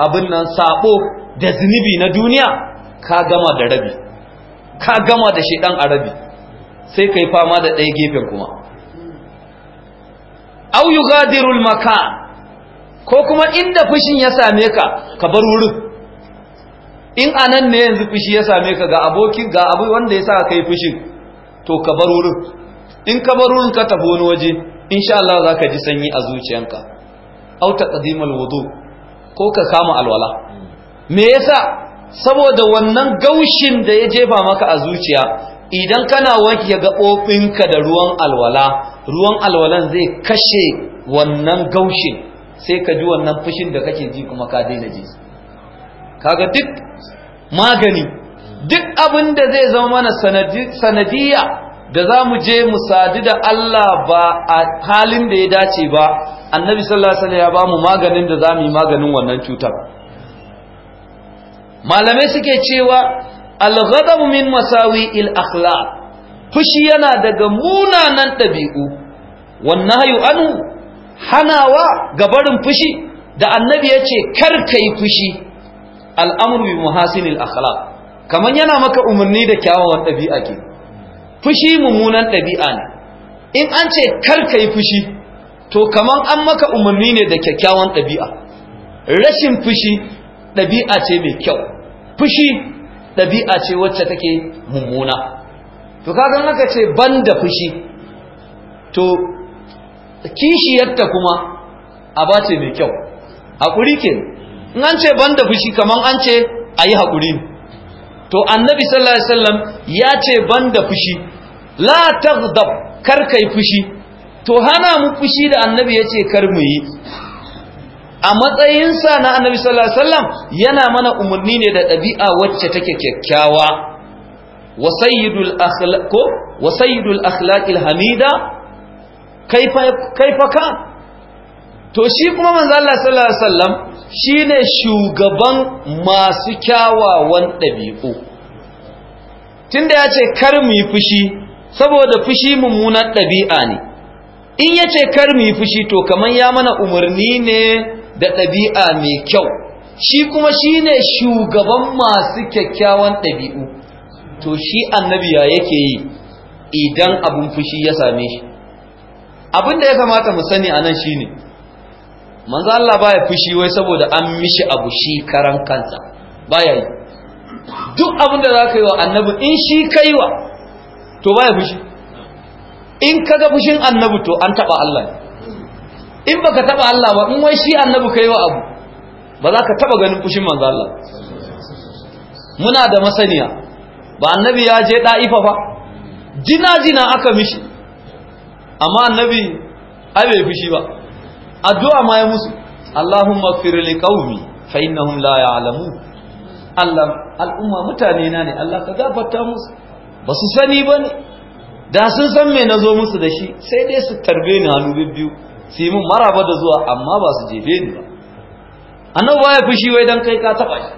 abin nan sabo da zunubi na duniya ka gama da rabi ka gama da shedan a rabi sai kai fama da ɗaya gefen kuma au gadirul maka, ko kuma inda fushin ya same ka ka bar wurin in anan ne yanzu fushi ya same ka ga abokin ga abu wanda ya sa kai fushin to ka bar wurin in ka bar wurin ka tafi wani waje insha Allah za ka ji sanyi a zuciyanka au taqdimul wudu ko ka kama alwala me yasa saboda wannan gaushin da ya jefa maka a zuciya idan kana wanke gaɓoɓinka da ruwan alwala ruwan alwalan zai kashe wannan gaushin sai ka ji wannan fushin da kake ji kuma ka daina ji kaga duk magani duk abin da zai zama mana sanadiyya da za mu je mu sadu da Allah ba a halin da ya dace ba annabi sallallahu alaihi wasallam ya ba mu maganin da za mu yi maganin wannan cutar malamai suke cewa al-ghadab min masawi al-akhlaq fushi yana daga munanan ɗabi'u wannan hayu anu hanawa ga barin fushi da annabi ya ce kar yi fushi al'amuru bi muhasinil akhlaq kamar yana maka umarni da kyawawan ɗabi'a ke fushi mummunan ɗabi'a ne in an ce karka yi fushi to kamar an maka umarni ne da kyakkyawan ɗabi'a rashin fushi ɗabi'a ce mai kyau fushi ɗabi'a ce wacce take mummuna to kaga aka ce banda fushi to kishiyarta kuma aba ce mai kyau hakuri ke in an ce banda fushi kaman an ce ayi hakuri to annabi sallallahu alaihi wasallam ya ce banda fushi la taghdab kar kai fushi to hana mu fushi da annabi yace kar mu yi a matsayinsa na annabi sallallahu alaihi wasallam yana mana umarni ne da ɗabi'a wacce take kyakkyawa wa sayyidul akhlaqil hamida kaifa ka to shi kuma manzo Allah sallallahu alaihi wasallam shine shugaban masu kyawawan dabi'u tunda yace kar mu yi fushi saboda fushi mummunan dabi'a ne in yace kar mu yi fushi to kaman ya mana umarni ne da dabi'a mai kyau shi kuma shine shugaban masu kyakkyawan dabi'u to shi annabi ya yake yi idan abun fushi ya same shi abin da ya kamata mu sani a nan shine manzo Allah baya fushi wai saboda an mishi abu shi karan kansa baya yi duk abin da zaka yi wa annabi in shi kaiwa to baya fushi in kaga fushin annabi to an taba Allah in baka taba Allah ba in wai shi annabi kaiwa abu ba za ka taba ganin fushin manzo Allah muna da masaniya ba annabi ya je ɗa'ifa ba jina-jina aka mishi amma annabi ai bai fushi ba addu'a ma ya musu Allahumma fir li qaumi fa innahum la ya'lamun Allah al'umma mutane na ne Allah ka gafarta musu ba su sani ba ne da sun san me nazo musu da shi sai dai su tarbe ni hannu biyu su yi mun maraba da zuwa amma ba su jefe ni ba annabi ya fushi wai dan kai ka taba shi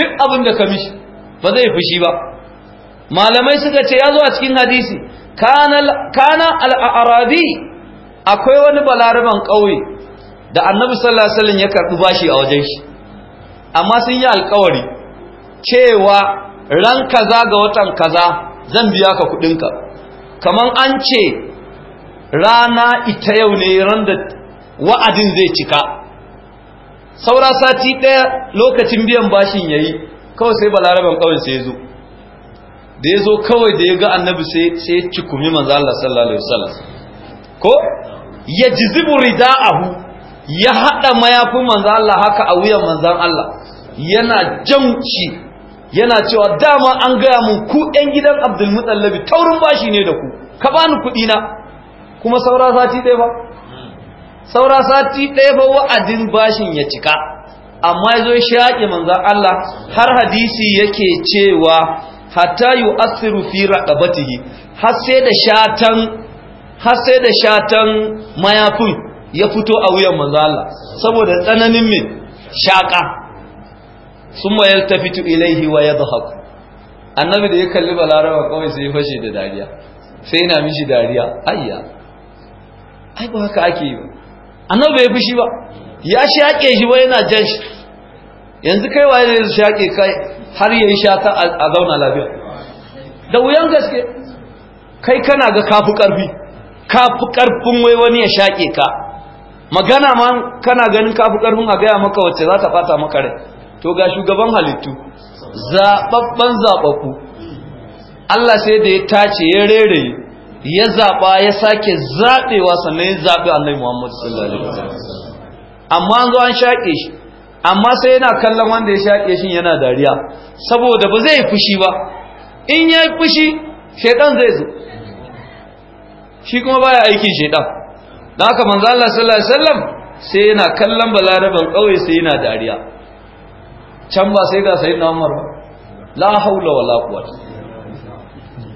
duk abin da ka mishi ba zai fushi ba malamai suka ce ya zo a cikin hadisi kana al'arabi akwai wani balaraban ƙauye da annabi sallallahu alaihi ya karɓi bashi a wajen shi amma sun yi alkawari cewa ran kaza ga watan kaza zan biya ka kuɗinka kaman an ce rana ita yau ne ran da wa'adin zai cika saura sati ɗaya lokacin biyan bashin yayi kawai sai balaraban ƙauye sai ya zo da ya zo kawai da ya ga annabi sai ya cikumi manzo Allah sallallahu alaihi wasallam ko ya jizibu rida'ahu ya hada mayafin manzo Allah haka a wuyan manzon Allah yana jamci yana cewa dama an gaya mun ku ɗan gidan Abdul Muttalib taurin bashi ne da ku ka bani kuɗi na kuma saura sati ɗaya ba saura sati ɗaya ba wa'adin bashin ya cika amma ya zo ya shaƙi manzan Allah har hadisi yake cewa hatta Asiru, fi raqabatihi har sai da shatan har sai da shatan mayafin ya fito a wuyan manzo Allah saboda tsananin me shaka summa yaltafitu ilaihi wa yadhhaku annabi da ya kalli balarawa kawai sai ya fashe da dariya sai yana mishi dariya ayya ai ba haka ake yi ba annabi bai fushi ba ya shaƙe shi ba yana jan shi yanzu kai waye ne shaƙe kai har ya yi shata a zauna lafiya da wuyan gaske kai kana ga kafi karfi kafi ƙarfin wai wani ya shaƙe ka magana ma kana ganin kafi ƙarfin a gaya maka wacce za ta fata maka rai to ga shugaban halittu zaɓaɓɓen zaɓaɓɓu Allah sai da ya tace ya rere ya zaɓa ya sake zaɓewa sannan ya zaɓi annabi Muhammad sallallahu alaihi wasallam amma an zo an shaƙe shi amma sai yana kallon wanda ya shaƙe shi yana dariya saboda ba zai fushi ba in ya fushi shaidan zai zo shi kuma baya aikin shaidan Na haka manzo Allah sallallahu alaihi wasallam sai yana kallon balaraban kauye sai yana dariya can ba sai ga sayyidina Umar ba la haula wala quwwata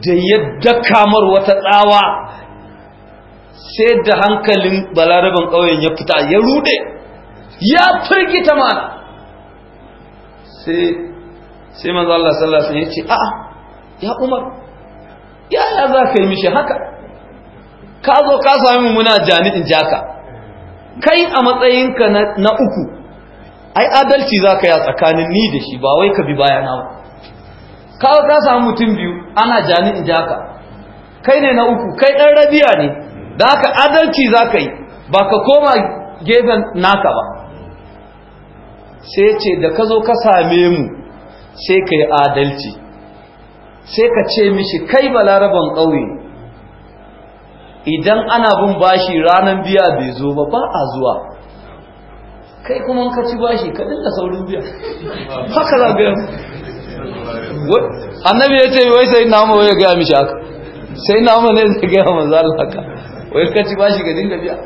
da yadda kamar wata tsawa sai da hankalin balaraban kauyen ya fita ya rude ya firgita ma sai sai manzo Allah sallallahu alaihi wasallam ya ce a'a ya Umar ya ya za ka yi mishi haka ka zo ka sami muna jami'in jaka kai a matsayinka na uku ai adalci za ka yi a tsakanin ni da shi ba wai ka bi baya na ka zo ka samu mutum biyu ana jami'in jaka kai ne na uku kai ɗan rabiya ne da haka adalci za ka yi ba ka koma gefen naka ba sai ce da ka zo ka same mu sai ka yi adalci sai ka ce mishi kai balaraban ƙauye idan ana bin bashi ranar biya bai zo ba ba a zuwa kai kuma ka ci bashi ka dinga saurin biya [LAUGHS] haka za ga annabi ya ce wai sai na ya gaya mishi haka sai na ne zai gaya maza haka wai ka ci bashi ka dinga biya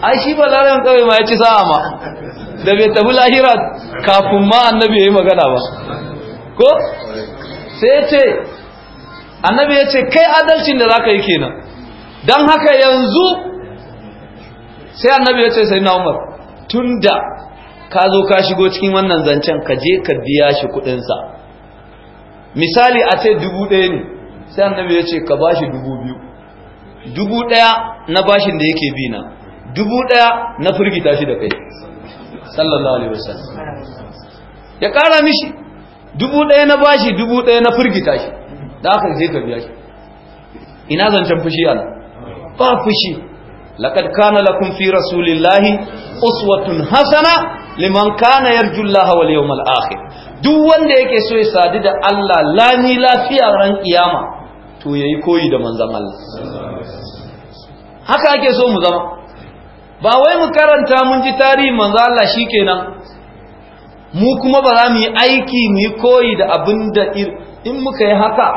ai shi ba ƙauye kawai ma ya ci sa'a ma da bai tafi lahira kafin ma annabi ya yi magana ba ko sai ce annabi ya ce kai adalcin da za ka yi kenan don haka yanzu sai annabi ya ce sai na umar tun da ka zo ka shigo cikin wannan zancen ka je ka biya shi kudinsa misali a ce dubu ɗaya ne sai annabi ya ce ka ba shi dubu biyu dubu ɗaya na bashin da yake bi na dubu ɗaya na firgita shi da kai sallallahu alaihi wasallam ya kara mishi dubu ɗaya na bashi dubu ɗaya na firgita shi da aka zai ka biya shi ina zancen fushi Allah ba fushi laqad kana lakum fi rasulillahi uswatun hasana liman kana yarju Allah wal yawmal akhir duk wanda yake so ya sadu da Allah lami lafiya ran kiyama to yayi koyi da manzon Allah haka ake so mu zama ba wai mu karanta mun ji tarihin manzo Allah kenan mu kuma ba za mu yi aiki mu yi koyi da abin in muka yi haka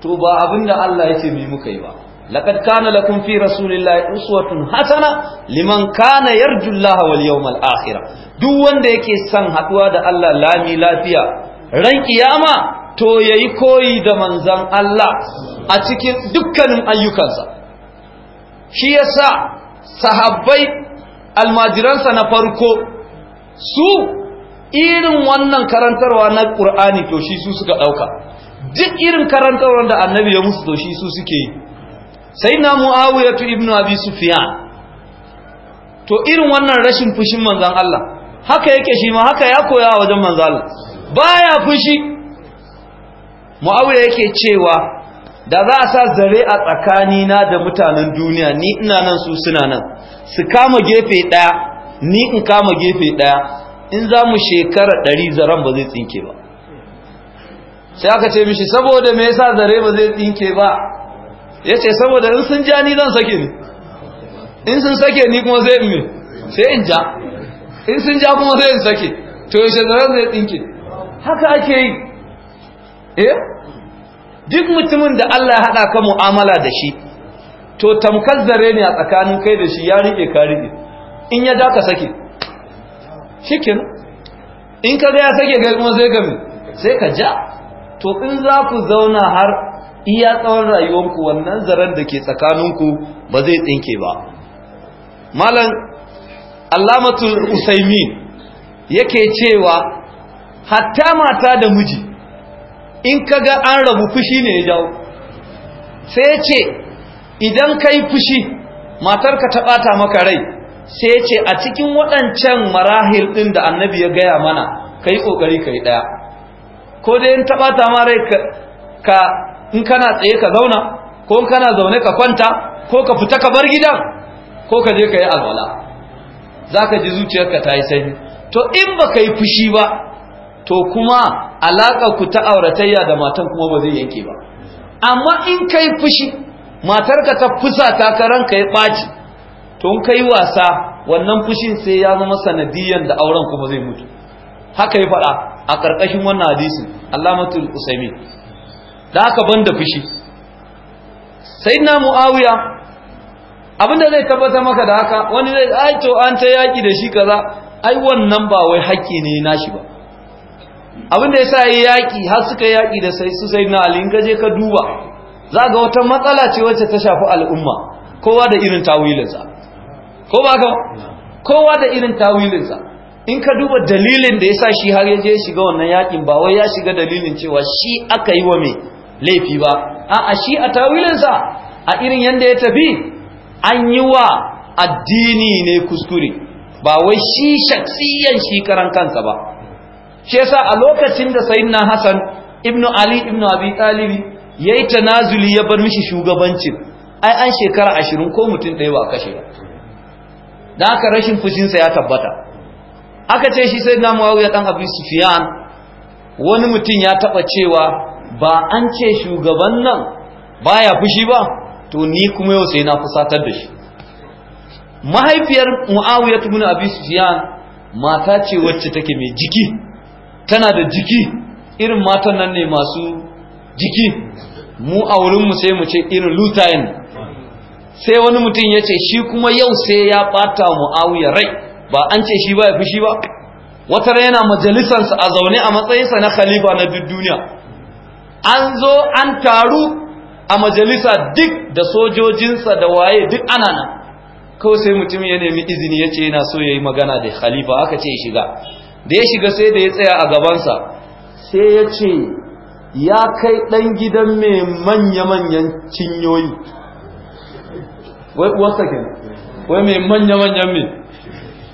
to ba abin da Allah yake mu yi muka yi ba laqad kana lakum fi rasulillahi uswatun hasana liman kana yarju Allah wal yawmal akhir duk wanda yake son haduwa da Allah lami lafiya ran kiyama to yayi koyi da manzan Allah a cikin dukkanin ayyukansa shi yasa sahabbai almajiransa na farko su irin wannan karantarwa na ƙur'ani to shi su suka ɗauka duk irin karantarwa da annabi ya musu to shi su suke yi sai na mu'awiyatu Ibn abi sufyan to irin wannan rashin fushin manzan Allah haka yake shi ma haka ya koya wajen manzan Allah baya fushi mu'awiya yake cewa da za a sa zare a tsakanina da mutanen duniya ni ina nan su suna nan su kama gefe ɗaya ni in kama gefe ɗaya in za mu shekara ɗari zaren ba zai tsinke ba sai aka ce mishi saboda me yasa zare ba zai tsinke ba ya ce saboda in sun ja ni zan sake ni in sun sake ni kuma zai in me sai in ja in sun ja kuma zai in sake to yaushe zaren zai tsinke haka ake yi eh duk mutumin da Allah ya haɗa ka mu'amala da shi to tamkar zare ne a tsakanin kai da shi ya riƙe ka riƙe in ya ja ka sake shikin in ka ga ya sake ga kuma sai gami sai ka ja to in za ku zauna har iya tsawon rayuwarku, wannan zaren da ke tsakaninku ba zai tsinke ba malam alamatul usaimin yake cewa hatta mata da miji in ka ga an rabu fushi ne ya jawo sai ce idan ka yi fushi matarka ta ɓata maka rai sai ce a cikin waɗancan marahil ɗin da annabi ya gaya mana ka yi ƙoƙari ka yi ɗaya ko dai in ta ɓata ma rai ka in kana tsaye ka zauna ko in kana zaune ka kwanta ko ka fita ka bar gidan ko ka je ka yi alwala za ka ji zuciyarka ta yi sanyi to in baka yi fushi ba to kuma alaƙa ku ta auratayya da matan kuma ba zai yanke ba amma in kai fushi matarka ta fusa ta karan ka ya ɓaci to in kai wasa wannan fushin sai ya zama sanadiyan da auren kuma zai mutu haka ya faɗa a ƙarƙashin wannan hadisin alamatul usaimi da haka banda fushi sayyidina muawiya abinda zai tabbata maka da haka wani zai ai to an ta yaki da shi kaza ai wannan ba wai haƙƙi ne nashi ba abin da ya yasa yi yaƙi har suka yaƙi da sai su sai ali in kaje ka duba za ga wata matsala ce wacce ta shafi al'umma kowa da irin tawilinsa ko ba ka kowa da irin tawilinsa in ka duba dalilin da ya sa shi har yaje shiga wannan yaƙin ba wai ya shiga dalilin cewa shi aka yi wa mai laifi ba a'a shi a tawilinsa a irin yadda ya tafi an yi wa addini ne kuskure ba wai shi shaksiyan shi karan kansa ba shi yasa a lokacin da na Hassan ibnu Ali ibnu Abi Talib yayi tanazuli ya bar mishi shugabancin ai an shekara ashirin ko mutum ɗaya ba kashe ba dan haka rashin fushin sa ya tabbata aka ce shi na Muawiya dan abu Sufyan wani mutum ya taɓa cewa ba an ce shugaban nan baya fushi ba to ni kuma yau sai na fusatar da shi mahaifiyar Muawiya ibn Abi Sufyan mata ce wacce take mai jiki tana da jiki irin matan nan ne masu jiki mu a wurinmu sai mu ce irin lutayen sai wani mutum ya ce shi kuma yau sai ya bata mu'awiyar rai ba an ce shi ba ya shi ba wata rai yana sa a zaune a matsayinsa na khalifa na duk duniya an zo an taru a majalisa duk da sojojinsa da waye duk ana nan kawai sai mutum ya nemi izini ya ce yana so ya yi magana da khalifa aka ce shiga da ya shiga sai da ya tsaya a gabansa sai ya ce ya kai ɗan gidan mai manya-manyan cinyoyi wai wasta ke wai mai manya-manyan mai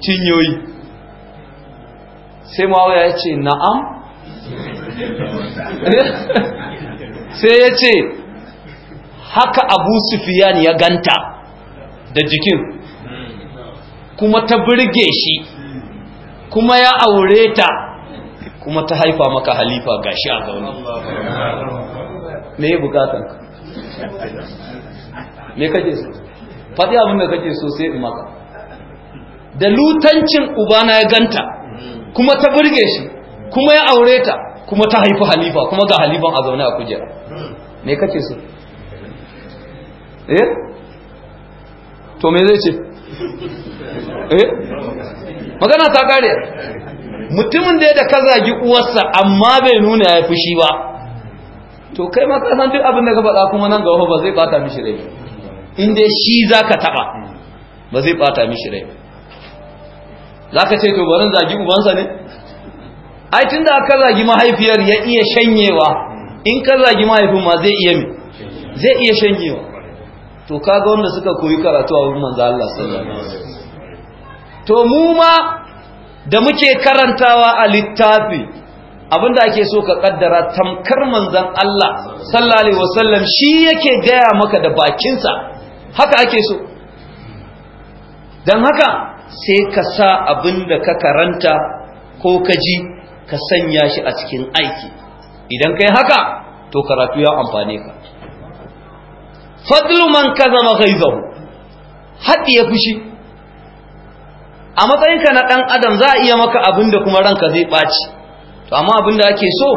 cinyoyi sai mawaya ya ce na'am [LAUGHS] sai ya ce haka abu sufiyan ya ganta da jikin kuma ta birge shi kuma ya aure ta kuma ta haifa maka halifa shi a zaune me ya bukatan ka me kake so faɗi abin da kake so sai in maka da lutancin ubana ya ganta kuma ta burge shi kuma ya aure ta kuma ta haifi halifa kuma ga halifan a zaune a kujera me kake so eh to me zai ce eh magana ta kare mutumin da ya da ka zagi uwarsa amma bai nuna ya fushi ba to kai ma kasan duk abin da ka faɗa kuma nan gaba ba zai bata mishi rai in dai shi za ka taɓa ba zai bata mishi rai za ka ce to barin zagi ubansa ne ai tun da ka zagi mahaifiyar ya iya shanyewa in ka zagi mahaifin ma zai iya mi zai iya shanyewa to kaga wanda suka koyi karatu a wurin manzo Allah sallallahu alaihi wasallam to mu ma da muke karantawa a littafi abinda ake so ka kaddara tamkar manzan Allah sallallahu alaihi wasallam shi yake gaya maka da bakinsa haka ake so don haka sai ka sa abinda ka karanta ko ka ji ka sanya shi a cikin aiki idan kai haka to karatu ya amfane ka fadlu man kazama ghaizahu hadiya fushi a matsayinka na ɗan adam za a iya maka abin da kuma ranka zai ɓaci to amma abin da ake so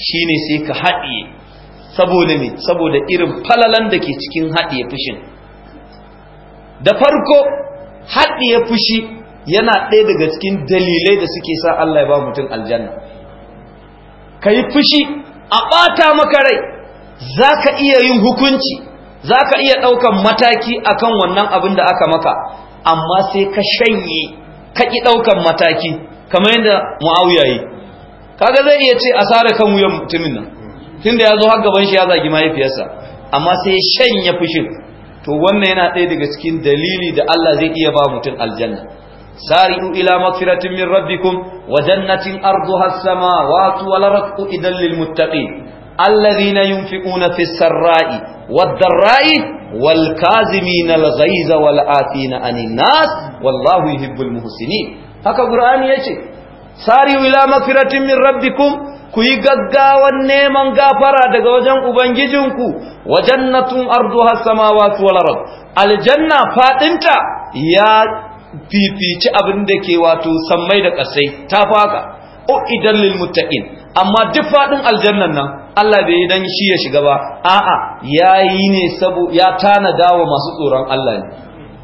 shine sai ka haɗiye saboda me saboda irin falalan da ke cikin haɗiye fushin da farko haɗiye fushi yana ɗaya daga cikin dalilai da suke sa Allah ya ba mutum aljanna ka yi fushi a ɓata maka rai za ka iya yin hukunci za ka iya ɗaukan mataki akan wannan abin da aka maka amma sai ka shanye ka ki daukan mataki kamar yadda muawiya yi kaga zai iya ce asara kan wuyan mutumin nan tunda ya zo har gaban shi ya zagi mahaifiyarsa amma sai ya shanye fushin to wannan yana ɗaya daga cikin dalili da Allah zai iya ba mutum aljanna sari'u ila magfiratin min rabbikum wa jannatin arduha as-samawati wal ardu idan lil muttaqin alladhina yunfiquna fis sarra'i wad dharra'i wal kazimin al ghaiza wal afina anin nas muhsinin haka qur'ani yace sari ila magfiratin min rabbikum ku yi gaggawan neman gafara daga wajen ubangijinku wa jannatun arduha samawati wal ard aljanna fadinta ya fifici abin da ke wato sammai da kasai ta faka o idan lil muttaqin amma duk faɗin aljannan nan Allah bai yi dan shi ya shiga ba a'a ya yi ne sabo ya tana dawo masu tsoron Allah ne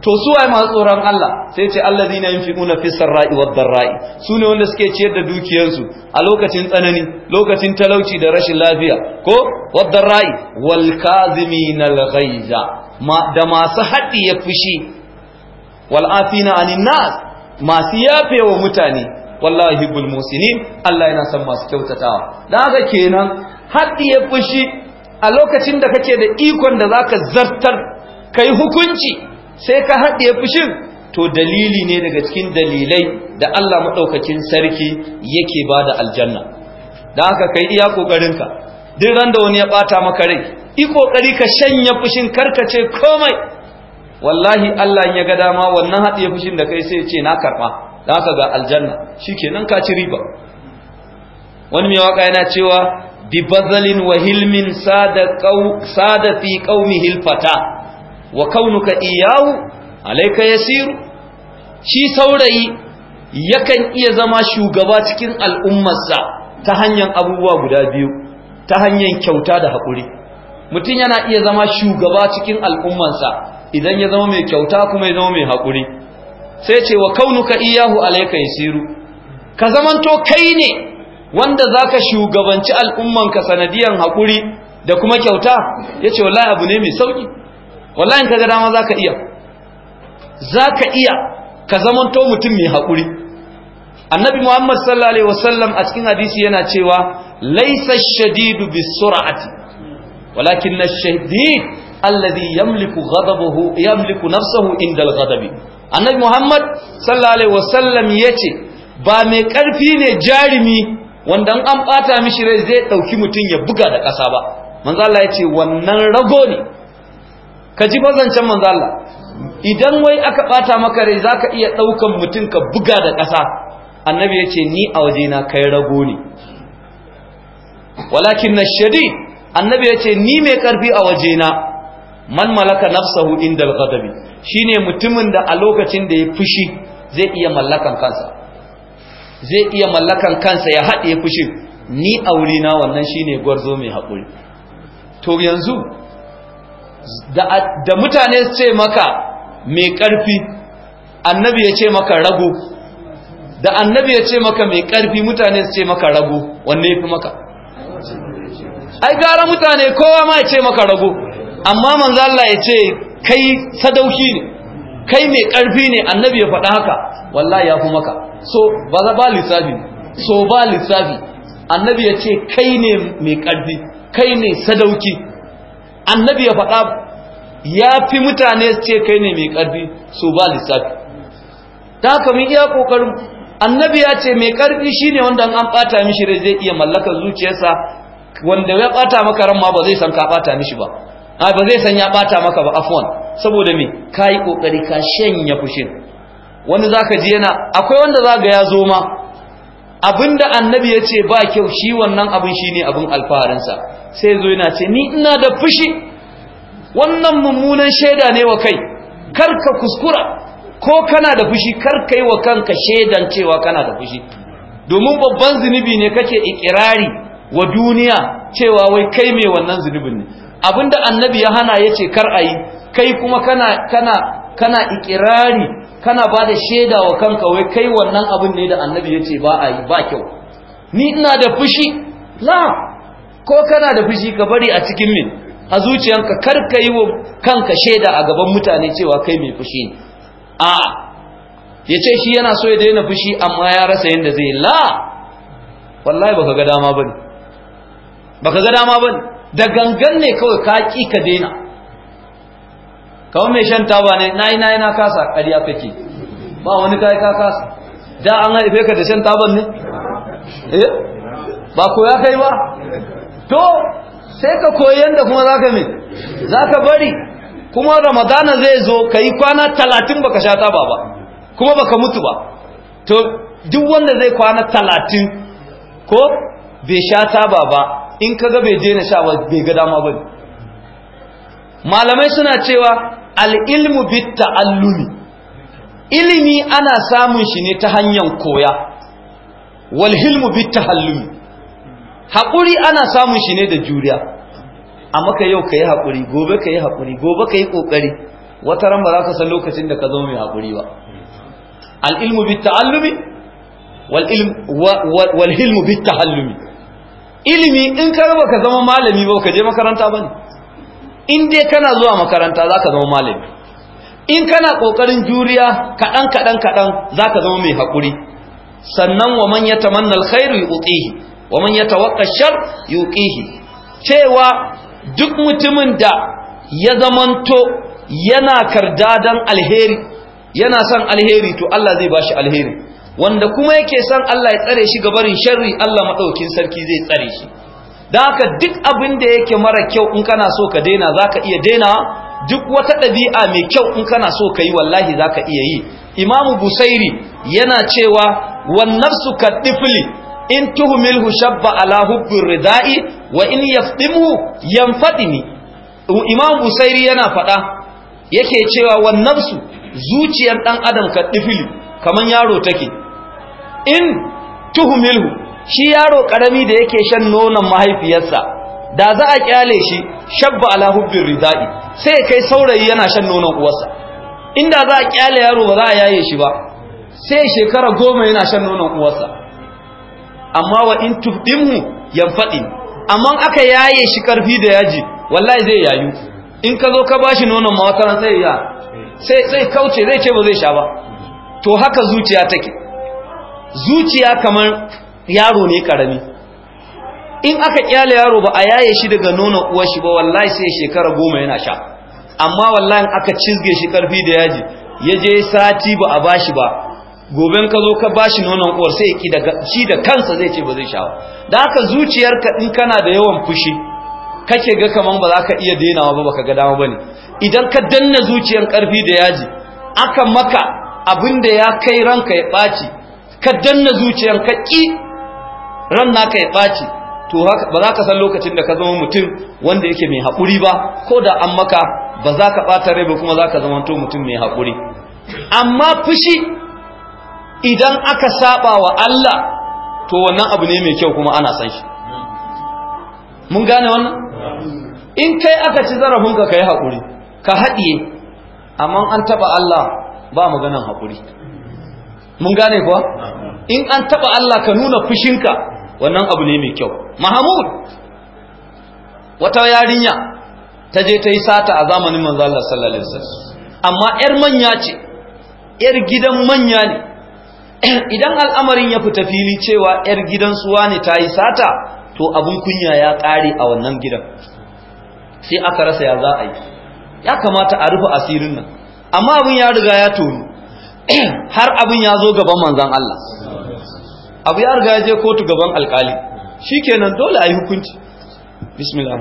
to su waye masu tsoron Allah sai ce allazina yunfiquna fi sarra'i wad dharra'i su ne wanda suke ciyar da dukiyarsu a lokacin tsanani lokacin talauci da rashin lafiya ko wad dharra'i wal kazimin al ghaiza da masu haɗi ya fushi wal afina anin nas masu yafewa mutane wallahi bul musinin Allah yana son masu kyautatawa dan haka kenan ya fushi a lokacin da kake da ikon da zaka zartar kai hukunci sai ka ya fushin to dalili ne daga cikin dalilai da Allah madaukakin sarki yake bada aljanna dan haka kai iya kokarinka duk ran da wani ya bata maka rai i kokari ka shanya fushin karkace komai wallahi Allah ya ga dama wannan ya fushin da kai sai ya ce na karba da ga aljanna shikenan ka ci riba wani mai waka yana cewa bi bazalin wa hilmin sada fi qaumi hilfata wa kaunuka iyahu alayka yasiru shi saurayi yakan iya zama shugaba cikin al'ummarsa ta hanyar abubuwa guda biyu ta hanyar kyauta da haƙuri mutum yana iya zama shugaba cikin al'ummarsa idan ya zama mai kyauta kuma ya zama mai haƙuri sai ce wa kaunuka iyahu alayka yasiru ka zamanto kai ne wanda zaka shugabanci al'umman ka sanadiyan hakuri da kuma kyauta yace wallahi abu ne mai sauki wallahi in kaga dama zaka iya zaka iya ka zamanto mutum mai hakuri annabi muhammad sallallahu alaihi wasallam a cikin hadisi yana cewa laysa ash-shadidu bis-sur'ati walakin ash-shadid alladhi yamliku ghadabahu yamliku nafsahu inda al-ghadabi annabi muhammad sallallahu alaihi wasallam ya ce ba mai ƙarfi ne jarumi wanda an ɓata mishi rai zai ɗauki mutum ya buga da ƙasa ba manzo ya ce wannan rago ne ka ji bazancen manzo Allah idan wai aka ɓata maka rai za ka iya ɗaukan mutum ka buga da ƙasa annabi ya ce ni a wajena kai rago ne walakin na shadi annabi ya ce ni mai ƙarfi a wajena man malaka nafsahu inda al-ghadabi shine mutumin da a lokacin da ya fushi zai iya mallakan kansa zai iya mallakan kansa ya haɗe fushin ni aure na wannan shine gwarzo mai haƙuri to yanzu da mutane su ce maka mai ƙarfi annabi ya ce maka rago da annabi ya ce maka mai ƙarfi mutane su ce maka rago wanne ya fi maka ai gara mutane kowa ma ya ce maka rago amma manzo Allah ya ce kai sadauki ne kai mai karfi ne annabi ya faɗa haka wallahi ya fi maka so ba za ba lissafi so ba lissafi annabi ya ce kai ne mai karfi kai ne sadauki annabi ya faɗa ya fi mutane ce kai ne mai karfi so ba lissafi ta haka mun iya kokarin annabi ya ce mai karfi shine wanda an bata mishi rai zai iya mallakar zuciyarsa wanda ya bata maka ran ma ba zai san ka bata mishi ba a ba zai san ya bata maka ba afwan saboda me kai kokari ka shanya fushin wanda zaka ji yana akwai wanda zaka ya zo ma abinda annabi ya ce ba kyau shi wannan abin shine abin alfaharinsa sai zo yana ce ni ina da fushi wannan mummunan shaida ne wa kai karka kuskura ko kana da fushi karka yi wa kanka shaidan cewa kana da fushi domin babban zunubi ne kake ikirari wa duniya cewa wai kai mai wannan zunubin ne abinda annabi ya hana ya ce kar a yi kai kuma kana kana kana ikirari kana ba da shaida wa kanka wai kai wannan abin ne da annabi ya ba a yi ba kyau ni ina da fushi la ko kana da fushi ka bari a cikin min a zuciyanka kar ka yi wa kanka shaida a gaban mutane cewa kai mai fushi ne a ya ce shi yana so ya daina fushi amma ya rasa yadda zai la wallahi baka ga dama bane baka ga dama bane da gangan ne kawai ka ƙi ka daina kawai mai shan taba ne na yi na yi na kasa ƙarya kake ba wani kai ka kasa da an haife ka da shan taban ne eh? ba ba koya kai ba to sai ka koyan da kuma za ka zaka za ka bari kuma ramadana zai zo ka yi kwana talatin baka sha taba ba kuma baka mutu ba to duk wanda zai kwana talatin ko bai sha taba ba in kaga bai daina sha ba bai ga dama ba malamai suna cewa al'ilmu bit ta'allumi ilimi ana samun shi ne ta hanyar koya wal bitta bit haƙuri ana samun shi ne da juriya amma ka yau ka yi haƙuri gobe ka yi haƙuri gobe ka yi ƙoƙari wata ran ba za ka san lokacin da ka zo mai haƙuri ba al'ilmu bit ta'allumi wal bitta bit ilimi in ka raba ka zama malami ba ka je makaranta ba ne in dai kana zuwa makaranta za ka zama malami in kana ƙoƙarin juriya kaɗan kaɗan kaɗan za ka zama mai haƙuri sannan wa man ya tamanna alkhairu yuqihi wa man yatawaqqa shar yuqihi cewa duk mutumin da ya zamanto yana dan alheri yana son alheri to Allah zai bashi alheri wanda kuma yake son Allah ya tsare shi gabarin sharri Allah maɗaukin sarki zai tsare shi da haka duk abin da yake mara kyau in kana so ka daina zaka iya daina duk wata ɗabi'a mai kyau in kana so ka yi wallahi za iya yi imamu busairi yana cewa wannafsu ka ɗifli in tuhumilhu shabba ala hubbir rida'i wa in yafɗimhu yanfaɗini imamu busairi yana faɗa yake cewa nafsu zuciyar ɗan adam ka fili kamar yaro take in tuhumilhu shi yaro karami da yake shan nonon mahaifiyarsa da za a kyale shi shabba ala hubbin ridai sai kai saurayi yana shan nonon uwarsa inda za a kyale yaro ba za a yaye shi ba sai shekara goma yana shan nonon uwarsa amma wa in tuhdimhu yanfadi amma aka yaye shi karfi da yaji wallahi zai yayu in ka zo ka bashi nonon mawakaran sai ya sai kauce zai ce ba zai sha ba to haka zuciya take zuciya kamar yaro ne karami in aka kyale yaro ba a yaye shi daga nonon uwar shi ba wallahi sai shekara goma yana sha amma wallahi aka cizge shi karfi da yaji ya je sati ba a bashi ba goben ka zo ka bashi nonon uwar sai ki daga shi da kansa zai ce ba zai sha ba da haka zuciyarka in kana da yawan fushi kake ga kaman ba za ka iya dainawa ba baka ga dama bane idan ka danna zuciyar karfi da yaji aka maka abin da ya kai ranka ya ɓaci ka danna zuciyar ka ƙi ran naka ya ɓaci to ba za ka san lokacin da ka zama mutum wanda yake mai haƙuri ba ko da an maka ba za ka ɓata rai ba kuma za ka zama mutum mai haƙuri amma fushi idan aka saba wa Allah to wannan abu ne mai kyau kuma ana san shi mun gane wannan in kai aka ci zarafinka ka yi haƙuri ka haɗiye amma an taɓa Allah ba maganan haƙuri mun gane kuwa in an taba Allah ka nuna fushinka wannan abu ne mai kyau mahamud wata yarinya ta je ta yi sata a zamanin manzo Allah sallallahu alaihi wasallam amma yar manya ce yar gidan manya ne [CLEARS THROAT] idan al'amarin ya fita fili cewa yar gidan suwa ne ta yi sata to abun kunya ya kare a wannan gidan sai aka rasa ya za a yi ya kamata a rufe asirin nan amma abin ya riga ya tonu [CLEARS THROAT] har abin ya zo gaban manzon Allah abu ya riga ya je kotu gaban alkali kenan dole a yi hukunci bismillah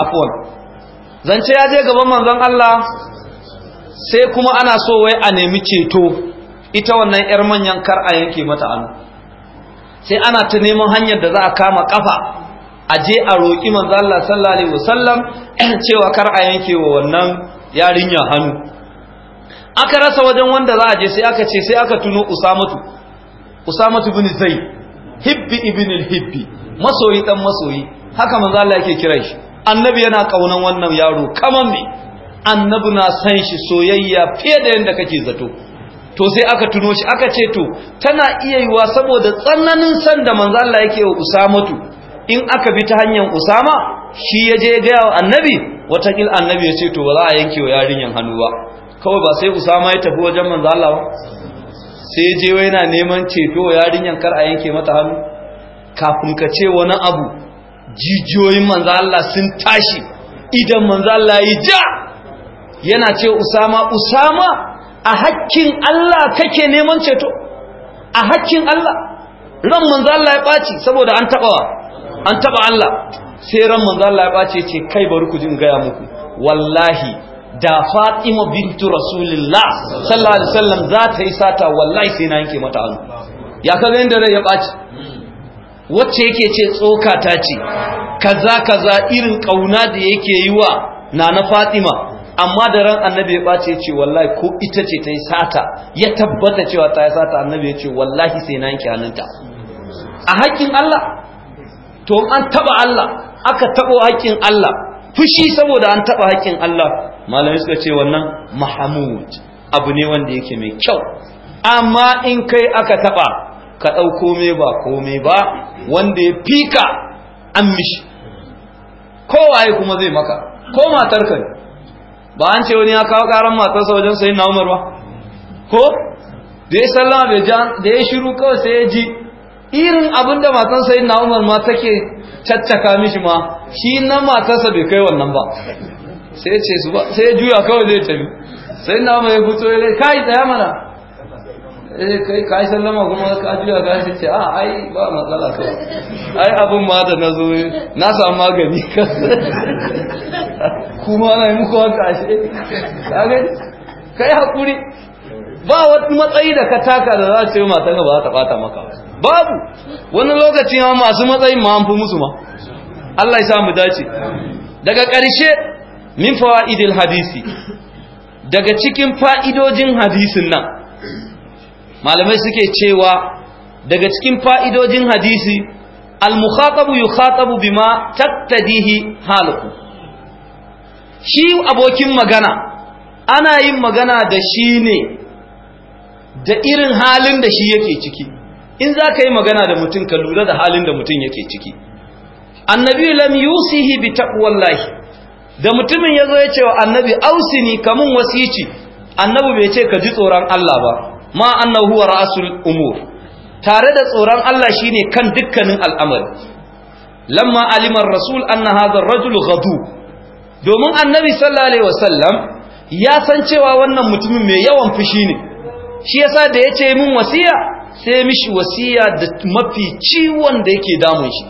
afwan zance ya je gaban manzon Allah sai kuma ana so wai a nemi ceto ita wannan yar manyan kar a yanke mata hannu sai ana ta neman hanyar da za a kama kafa a je a roƙi manzon Allah sallallahu alaihi wasallam [CLEARS THROAT] cewa kar a yanke wa wannan yarinya hannu aka rasa wajen wanda za a je sai aka ce sai aka tuno usamatu usamatu bin zai hibbi ibn hibbi masoyi dan masoyi haka manzo Allah yake kiran shi annabi yana kaunan wannan yaro kaman me annabi na san shi soyayya fiye da yanda kake zato to sai aka tuno shi aka ce to tana iya yiwa saboda tsananin san da manzo Allah yake wa usamatu in aka bi ta hanyar usama shi ya je ya ga annabi wata kil annabi ya ce to ba za a yanke wa yarinyan hannu ba kawai ba sai usama ya tafi wajen manzo Allah ba sai ya je yana neman ceto yarinyan kar a yanke mata hannu kafin ka ce wani abu jijiyoyin manzo Allah sun tashi idan manzo Allah ya ja yana ce usama usama a hakkin Allah kake neman ceto a hakkin Allah ran manzo Allah ya baci saboda an taba an taba Allah sai ran manzo Allah ya bace ce kai bari ku jin gaya muku wallahi da fatima bintu rasulullah sallallahu alaihi wasallam za ta yi sata wallahi sai na yanke mata hannu ya ga inda rai ya baci wacce yake ce tsoka ta ce kaza kaza irin kauna da yake yi wa nana fatima amma da ran annabi ya bace ce wallahi ko ita ce ta yi sata ya tabbata cewa ta yi sata annabi ya ce wallahi sai na yanke hannunta a haƙƙin Allah to an taba Allah aka tabo haƙƙin Allah fushi saboda an taba haƙƙin Allah malamai suka ce wannan mahamud abu ne wanda yake mai kyau amma in kai aka taba ka ɗau kome ba kome ba wanda ya fika an mishi kowaye kuma zai maka ko matarka ne ba an ce wani ya kawo karan matarsa wajen sayin na umar ba ko da ya sallama da ya shiru kawai sai ya ji irin abin da matan sayin na umar ma take caccaka mishi ma shi na matarsa bai kai wannan ba sai ce su ba sai juya kawai zai tafi sai na mai fito ya kai tsaya mana eh kai kai sallama kuma ka juya ka ce a ah, ai ba matsala kawai ai abin ma da nazo na samu magani [LAUGHS] kuma na yi muku haka ashe ka gani kai hakuri ba wani matsayi da ka taka da za ce matan ba za ta bata maka babu wani lokaci ma masu matsayin ma an fi musu ma Allah ya sa mu dace daga ƙarshe min fawaidil hadisi daga cikin fa'idojin hadisin nan malamai suke cewa daga cikin fa'idojin hadisi al-mukhatabu yukhatabu bima tattadihi haluhu shi abokin magana ana yin magana da shi ne da irin halin da shi yake ciki in za ka yi magana da mutum ka lura da halin da mutum yake ciki annabi lam yusihi bi taqwallahi da mutumin ya zo ya ce wa annabi ausini kamun wasici annabi bai ce ka ji tsoron Allah ba ma annahu huwa ra'asul umur tare da tsoron Allah shine kan dukkanin al'amari lamma alimar rasul anna hadha ar-rajul ghadu domin annabi sallallahu alaihi wasallam ya san cewa wannan mutumin mai yawan fushi ne shi yasa da ya ce min wasiya sai mishi wasiya da mafi ciwon da yake damun shi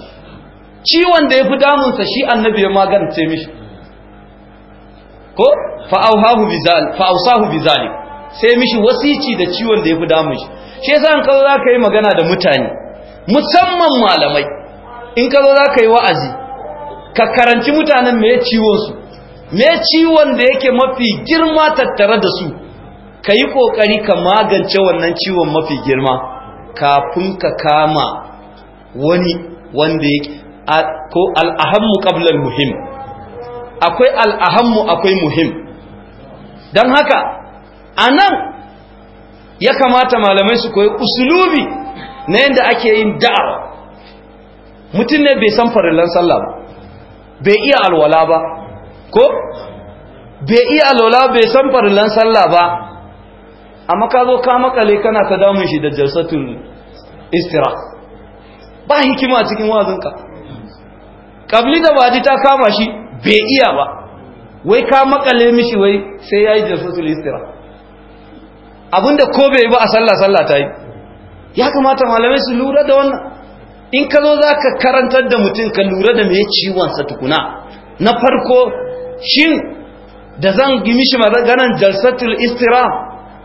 ciwon da yafi damunsa shi annabi ya magance mishi ko fa'ausahu bi sai mishi wasici da ciwon da ya fi damun shi shi yasa an za ka yi magana da mutane musamman malamai in kazo za ka yi wa'azi ka karanci mutanen me ciwonsu me ciwon da yake mafi girma tattare da su ka yi ƙoƙari ka magance wannan ciwon mafi girma kafin ka kama wani wanda yake ko al'ahammu ƙablar muhim akwai al'ahammu akwai muhim don haka a nan ya kamata malamai su koyi usulubi na yadda ake yin da'awa mutum ne bai san farillan sallah ba bai iya alwala ba ko bai iya alwala bai san farillan sallah ba amma ka zo ka makale kana ta damun shi da jalsatul istira ba hikima cikin wazinka kabli da baji ta kama shi bai iya ba wai ka makale mishi wai sai ya yi jalsatul istira abinda ko bai ba a sallah sallah ta yi ya kamata malamai su lura da wannan in ka zo za ka karantar da mutum ka lura da mai ciwonsa tukuna na farko shin da zan yi mishi maganan jalsatul istira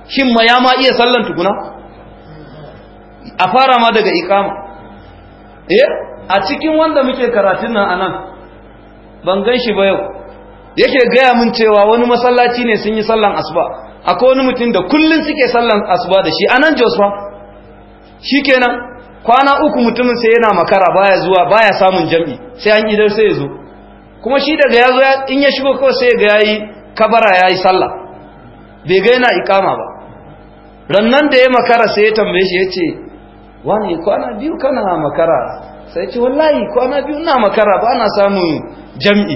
shin ma ya ma iya sallan tukuna a fara ma daga ikama eh a cikin wanda muke karatun nan anan ban gan shi ba yau yake gaya mun cewa wani masallaci ne sun yi sallan asuba akwai wani mutum da kullun suke sallan asuba da shi anan shi kenan kwana uku mutumin sai yana makara baya zuwa baya samun jam'i sai an idar sai ya zo kuma shi daga ya in ya shigo kawai sai ga yayi kabara yayi sallah bai ga yana ikama ba rannan da ya makara sai ya tambaye shi yace wani kwana biyu kana makara sai ce wallahi kwana biyu ina makara ba ana samun jam'i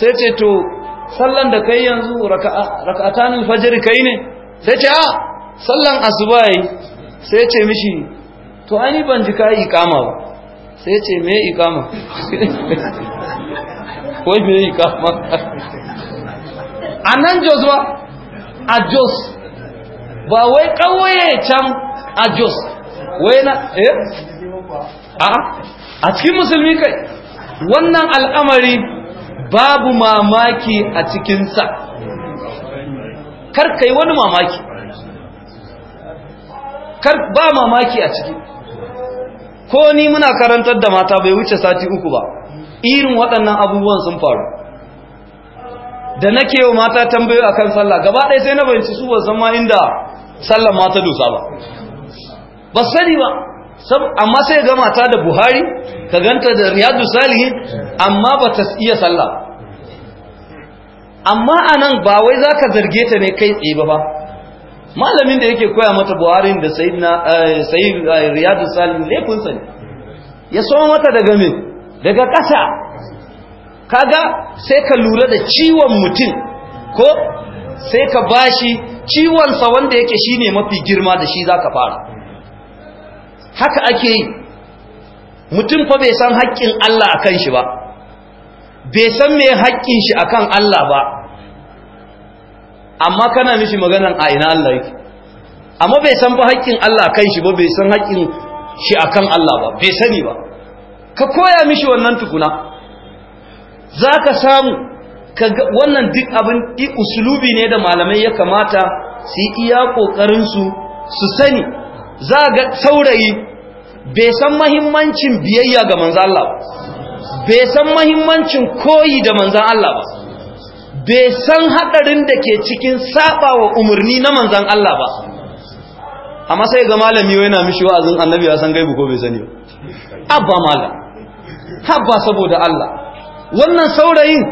sai ce to sallan da kai yanzu raka'atanin fajr kai ne sai ce a sallan asuba yi sai ce mishi to ani ban ji kai ikama ba sai ce me ikama [LAUGHS] wai me ikama anan jos ba a jos ba wai kauye can a jos wai na eh a cikin musulmi kai wannan al'amari babu mamaki a cikinsa kar kai wani mamaki kar ba mamaki a ciki ko ni muna karantar da mata bai wuce sati uku ba irin waɗannan abubuwan sun faru da nake yau mata tambayo akan sallah gaba ɗaya sai na bayanci su ban san ma inda sallah mata dusa ba ba sani ba amma sai ga mata da buhari ka ganta da riyadu salihin amma ba ta iya sallah amma anan ba wai za ka zarge ta ne kai tsaye ba malamin da yake koya mata buhari da sayi eh, eh, riyadu salihin laifinsa ne ya so mata daga min daga ƙasa kaga sai ka lura da ciwon mutum ko sai ka bashi ciwonsa wanda yake ne mafi girma da shi za ka fara haka ake yi mutum fa bai san haƙƙin Allah akan shi ba bai san me haƙƙin shi akan Allah ba amma kana mishi maganan a ina Allah yake amma bai san ba haƙƙin Allah akan shi ba bai san haƙƙin shi akan Allah ba bai sani ba ka koya mishi wannan tukuna za ka samu wannan duk abin usulubi ne da malamai ya kamata su yi iya ƙoƙarinsu su sani za ga saurayi bai san mahimmancin biyayya ga manzan Allah ba bai san mahimmancin koyi da manzan Allah ba bai san haɗarin da ke cikin saɓawa umarni na manzan Allah ba amma sai ga malami yana mishi wa'azin annabi ya san gaibu ko bai sani ba abba malam habba saboda Allah wannan saurayin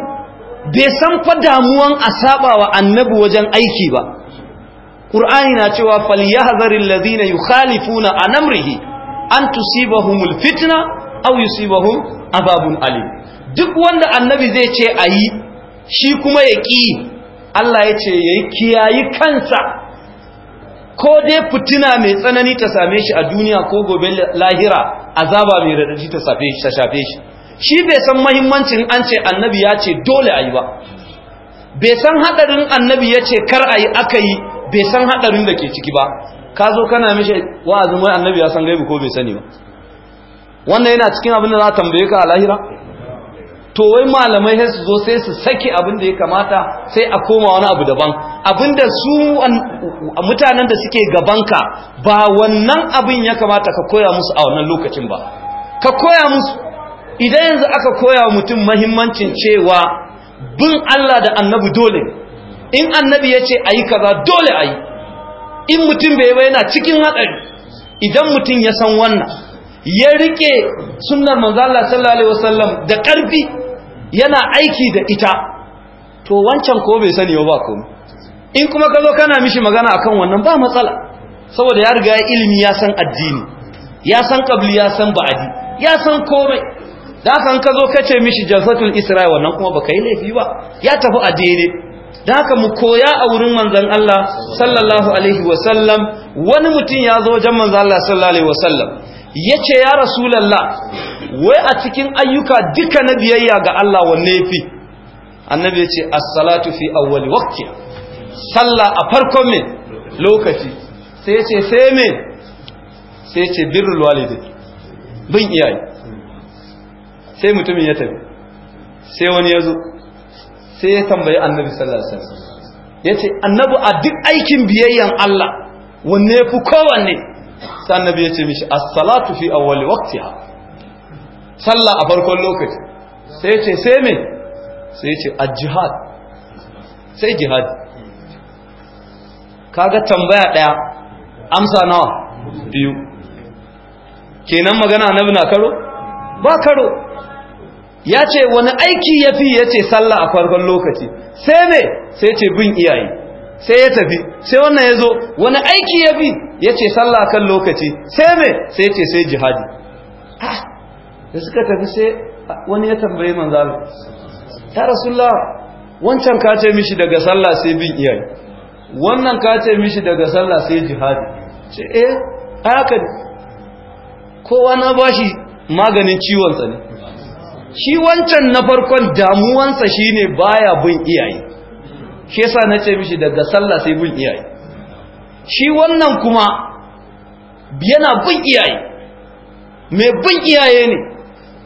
bai san fa damuwan a wa annabi wajen aiki ba ƙur'ani na cewa falyahzaril ladina yukhalifuna an amrihi an tusibahumul fitna aw yusibahum azabun alim duk wanda annabi zai ce ayi shi kuma ya ki Allah ya ce yayi kiyayi kansa ko dai fitina mai tsanani ta same shi a duniya ko gobe lahira azaba mai radadi ta shafe shi shi bai san mahimmancin an ce annabi ya ce dole ayi ba bai san hadarin annabi ya ce kar ayi aka yi bai san hadarin da ke ciki ba ka zo kana mishi wa'azin wai annabi ya san gaibi ko bai sani ba wannan yana cikin abin da za tambaye ka a lahira to wai malamai sai su zo sai su saki abin da ya kamata sai a koma wani abu daban abinda su mutanen da suke gabanka ba wannan abin ya kamata ka koya musu a wannan lokacin ba ka koya musu idan yanzu aka koya mutum mahimmancin cewa bin Allah da annabi dole in annabi ya ce a yi kaza dole a yi in mutum bai bai yana cikin hatsari idan mutum ya san wannan ya rike sunnar manzala sallallahu alaihi wasallam da ƙarfi yana aiki da ita to wancan ko bai sani ba ko in kuma ka zo kana mishi magana akan wannan ba matsala saboda ya riga ya ilimi ya san addini ya san qabli ya san ba'adi ya san komai da kan ka zo kace mishi jalsatul isra'i wannan kuma baka yi laifi ba ya tafi a daidai da haka mu koya a wurin manzan Allah sallallahu alaihi wasallam wani mutum ya zo wajen manzan Allah sallallahu alaihi wasallam ya ce ya rasulallah wai a cikin ayyuka duka na biyayya ga Allah wanne ya fi annabi ya ce assalatu fi awwali waqti sallah a farkon min lokaci sai ya ce sai me sai ya ce birrul walidai bin iyaye sai mutumin ya tafi sai wani ya zo sai ya tambayi annabi sallallahu alaihi wasallam yace annabi a duk aikin biyayyan Allah wanne yafi kowanne sai annabi yace mishi as-salatu fi awwali waqtiha sallah a farkon lokaci sai yace sai me sai yace al-jihad sai jihad kaga tambaya daya amsa nawa biyu kenan magana annabi na karo ba karo ya ce wani aiki ya fi ya ce sallah a farkon lokaci sai ne sai ce bin iyaye sai ya tafi sai wannan ya zo wani aiki ya fi ya ce sallah a kan lokaci sai ne sai ce sai jihadi da suka tafi sai wani ya tambaye manzala ta rasulla wancan ka ce mishi daga sallah sai bin iyaye wannan ka ce mishi daga sallah sai jihadi ce eh haka kowa na bashi maganin ciwon tsani shi wancan na farkon damuwansa shi ne baya bin iyaye shi yasa ce mishi daga sallah sai bin iyaye shi wannan kuma yana bin iyaye mai bin iyaye ne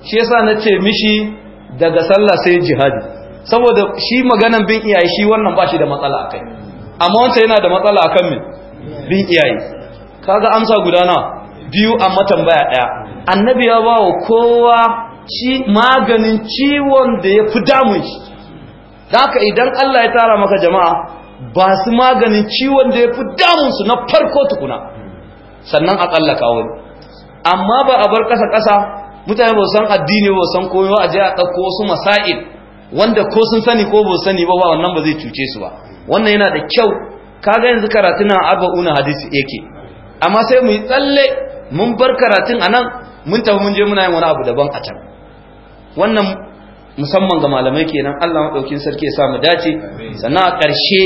shi yasa ce mishi daga sallah sai jihadi saboda shi maganan bin iyaye shi wannan ba shi da matsala a kai. amma wancan yana da matsala a kan min bin iyaye kaga amsa guda nawa biyu amma tambaya daya annabi ya bawa kowa maganin ciwon da ya fi damun shi haka idan Allah ya tara maka jama'a ba su maganin ciwon da ya fi damunsu na farko tukuna sannan a tsalla wani amma ba a bar kasa kasa mutane ba san addini ba san koyo a je a ɗauko wasu masa'il wanda ko sun sani ko ba sani ba wannan ba zai cuce su ba wannan yana da kyau kaga yanzu karatun arba'una hadisi yake amma sai mu yi tsalle mun bar karatun anan mun tafi mun je muna yin wani abu daban a can wannan musamman ga malamai kenan Allah maɗaukin sarki ya samu dace sannan a ƙarshe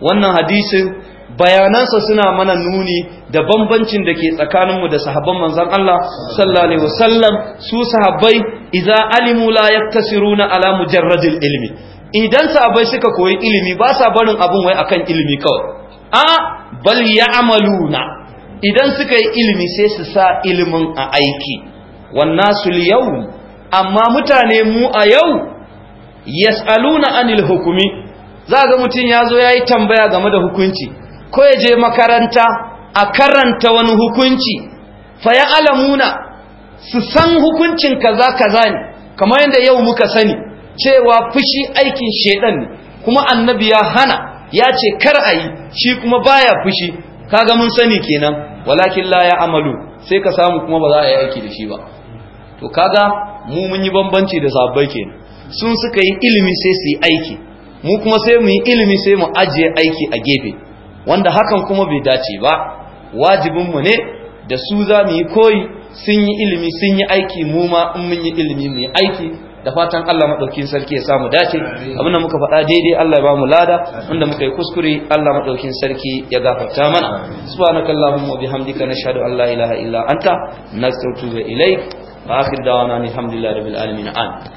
wannan hadisin bayanansa suna mana nuni da bambancin da ke tsakaninmu da sahabban manzan Allah sallallahu alaihi wasallam su sahabbai idza alimu la yaktasiruna ala mujarradil ilmi idan sahabbai suka koyi ilimi ba sa barin abun wai akan ilimi kawai a bal ya'maluna idan suka yi ilimi sai su sa ilimin a aiki wannasul nasul yawm amma mutane mu a yau yas'aluna anil hukumi za ga mutum ya zo ya tambaya game da hukunci ko ya je makaranta a karanta wani hukunci fa ya alamuna su san hukuncin kaza kaza ne kamar yadda yau muka sani cewa fushi aikin shedan ne kuma annabi ya hana ya ce kar a yi shi kuma baya fushi kaga mun sani kenan walakin la ya amalu sai ka samu kuma ba za a yi aiki da shi ba to kaga mu mun yi bambanci da sabbai kenan sun suka yi ilimi sai su yi aiki mu kuma sai mu yi ilimi sai mu ajiye aiki a gefe wanda hakan kuma bai dace ba wajibinmu ne da su za mu yi koyi sun yi ilimi sun yi aiki mu ma in mun yi ilimi mu yi aiki da fatan Allah madaukakin sarki ya mu dace abinda muka faɗa daidai Allah ya ba mu lada inda muka yi kuskure Allah madaukakin sarki ya gafarta mana subhanakallahumma wa bihamdika nashhadu an la ilaha illa anta nastaghfiruka wa ilaik وآخر دعوانا الحمد لله رب العالمين آمين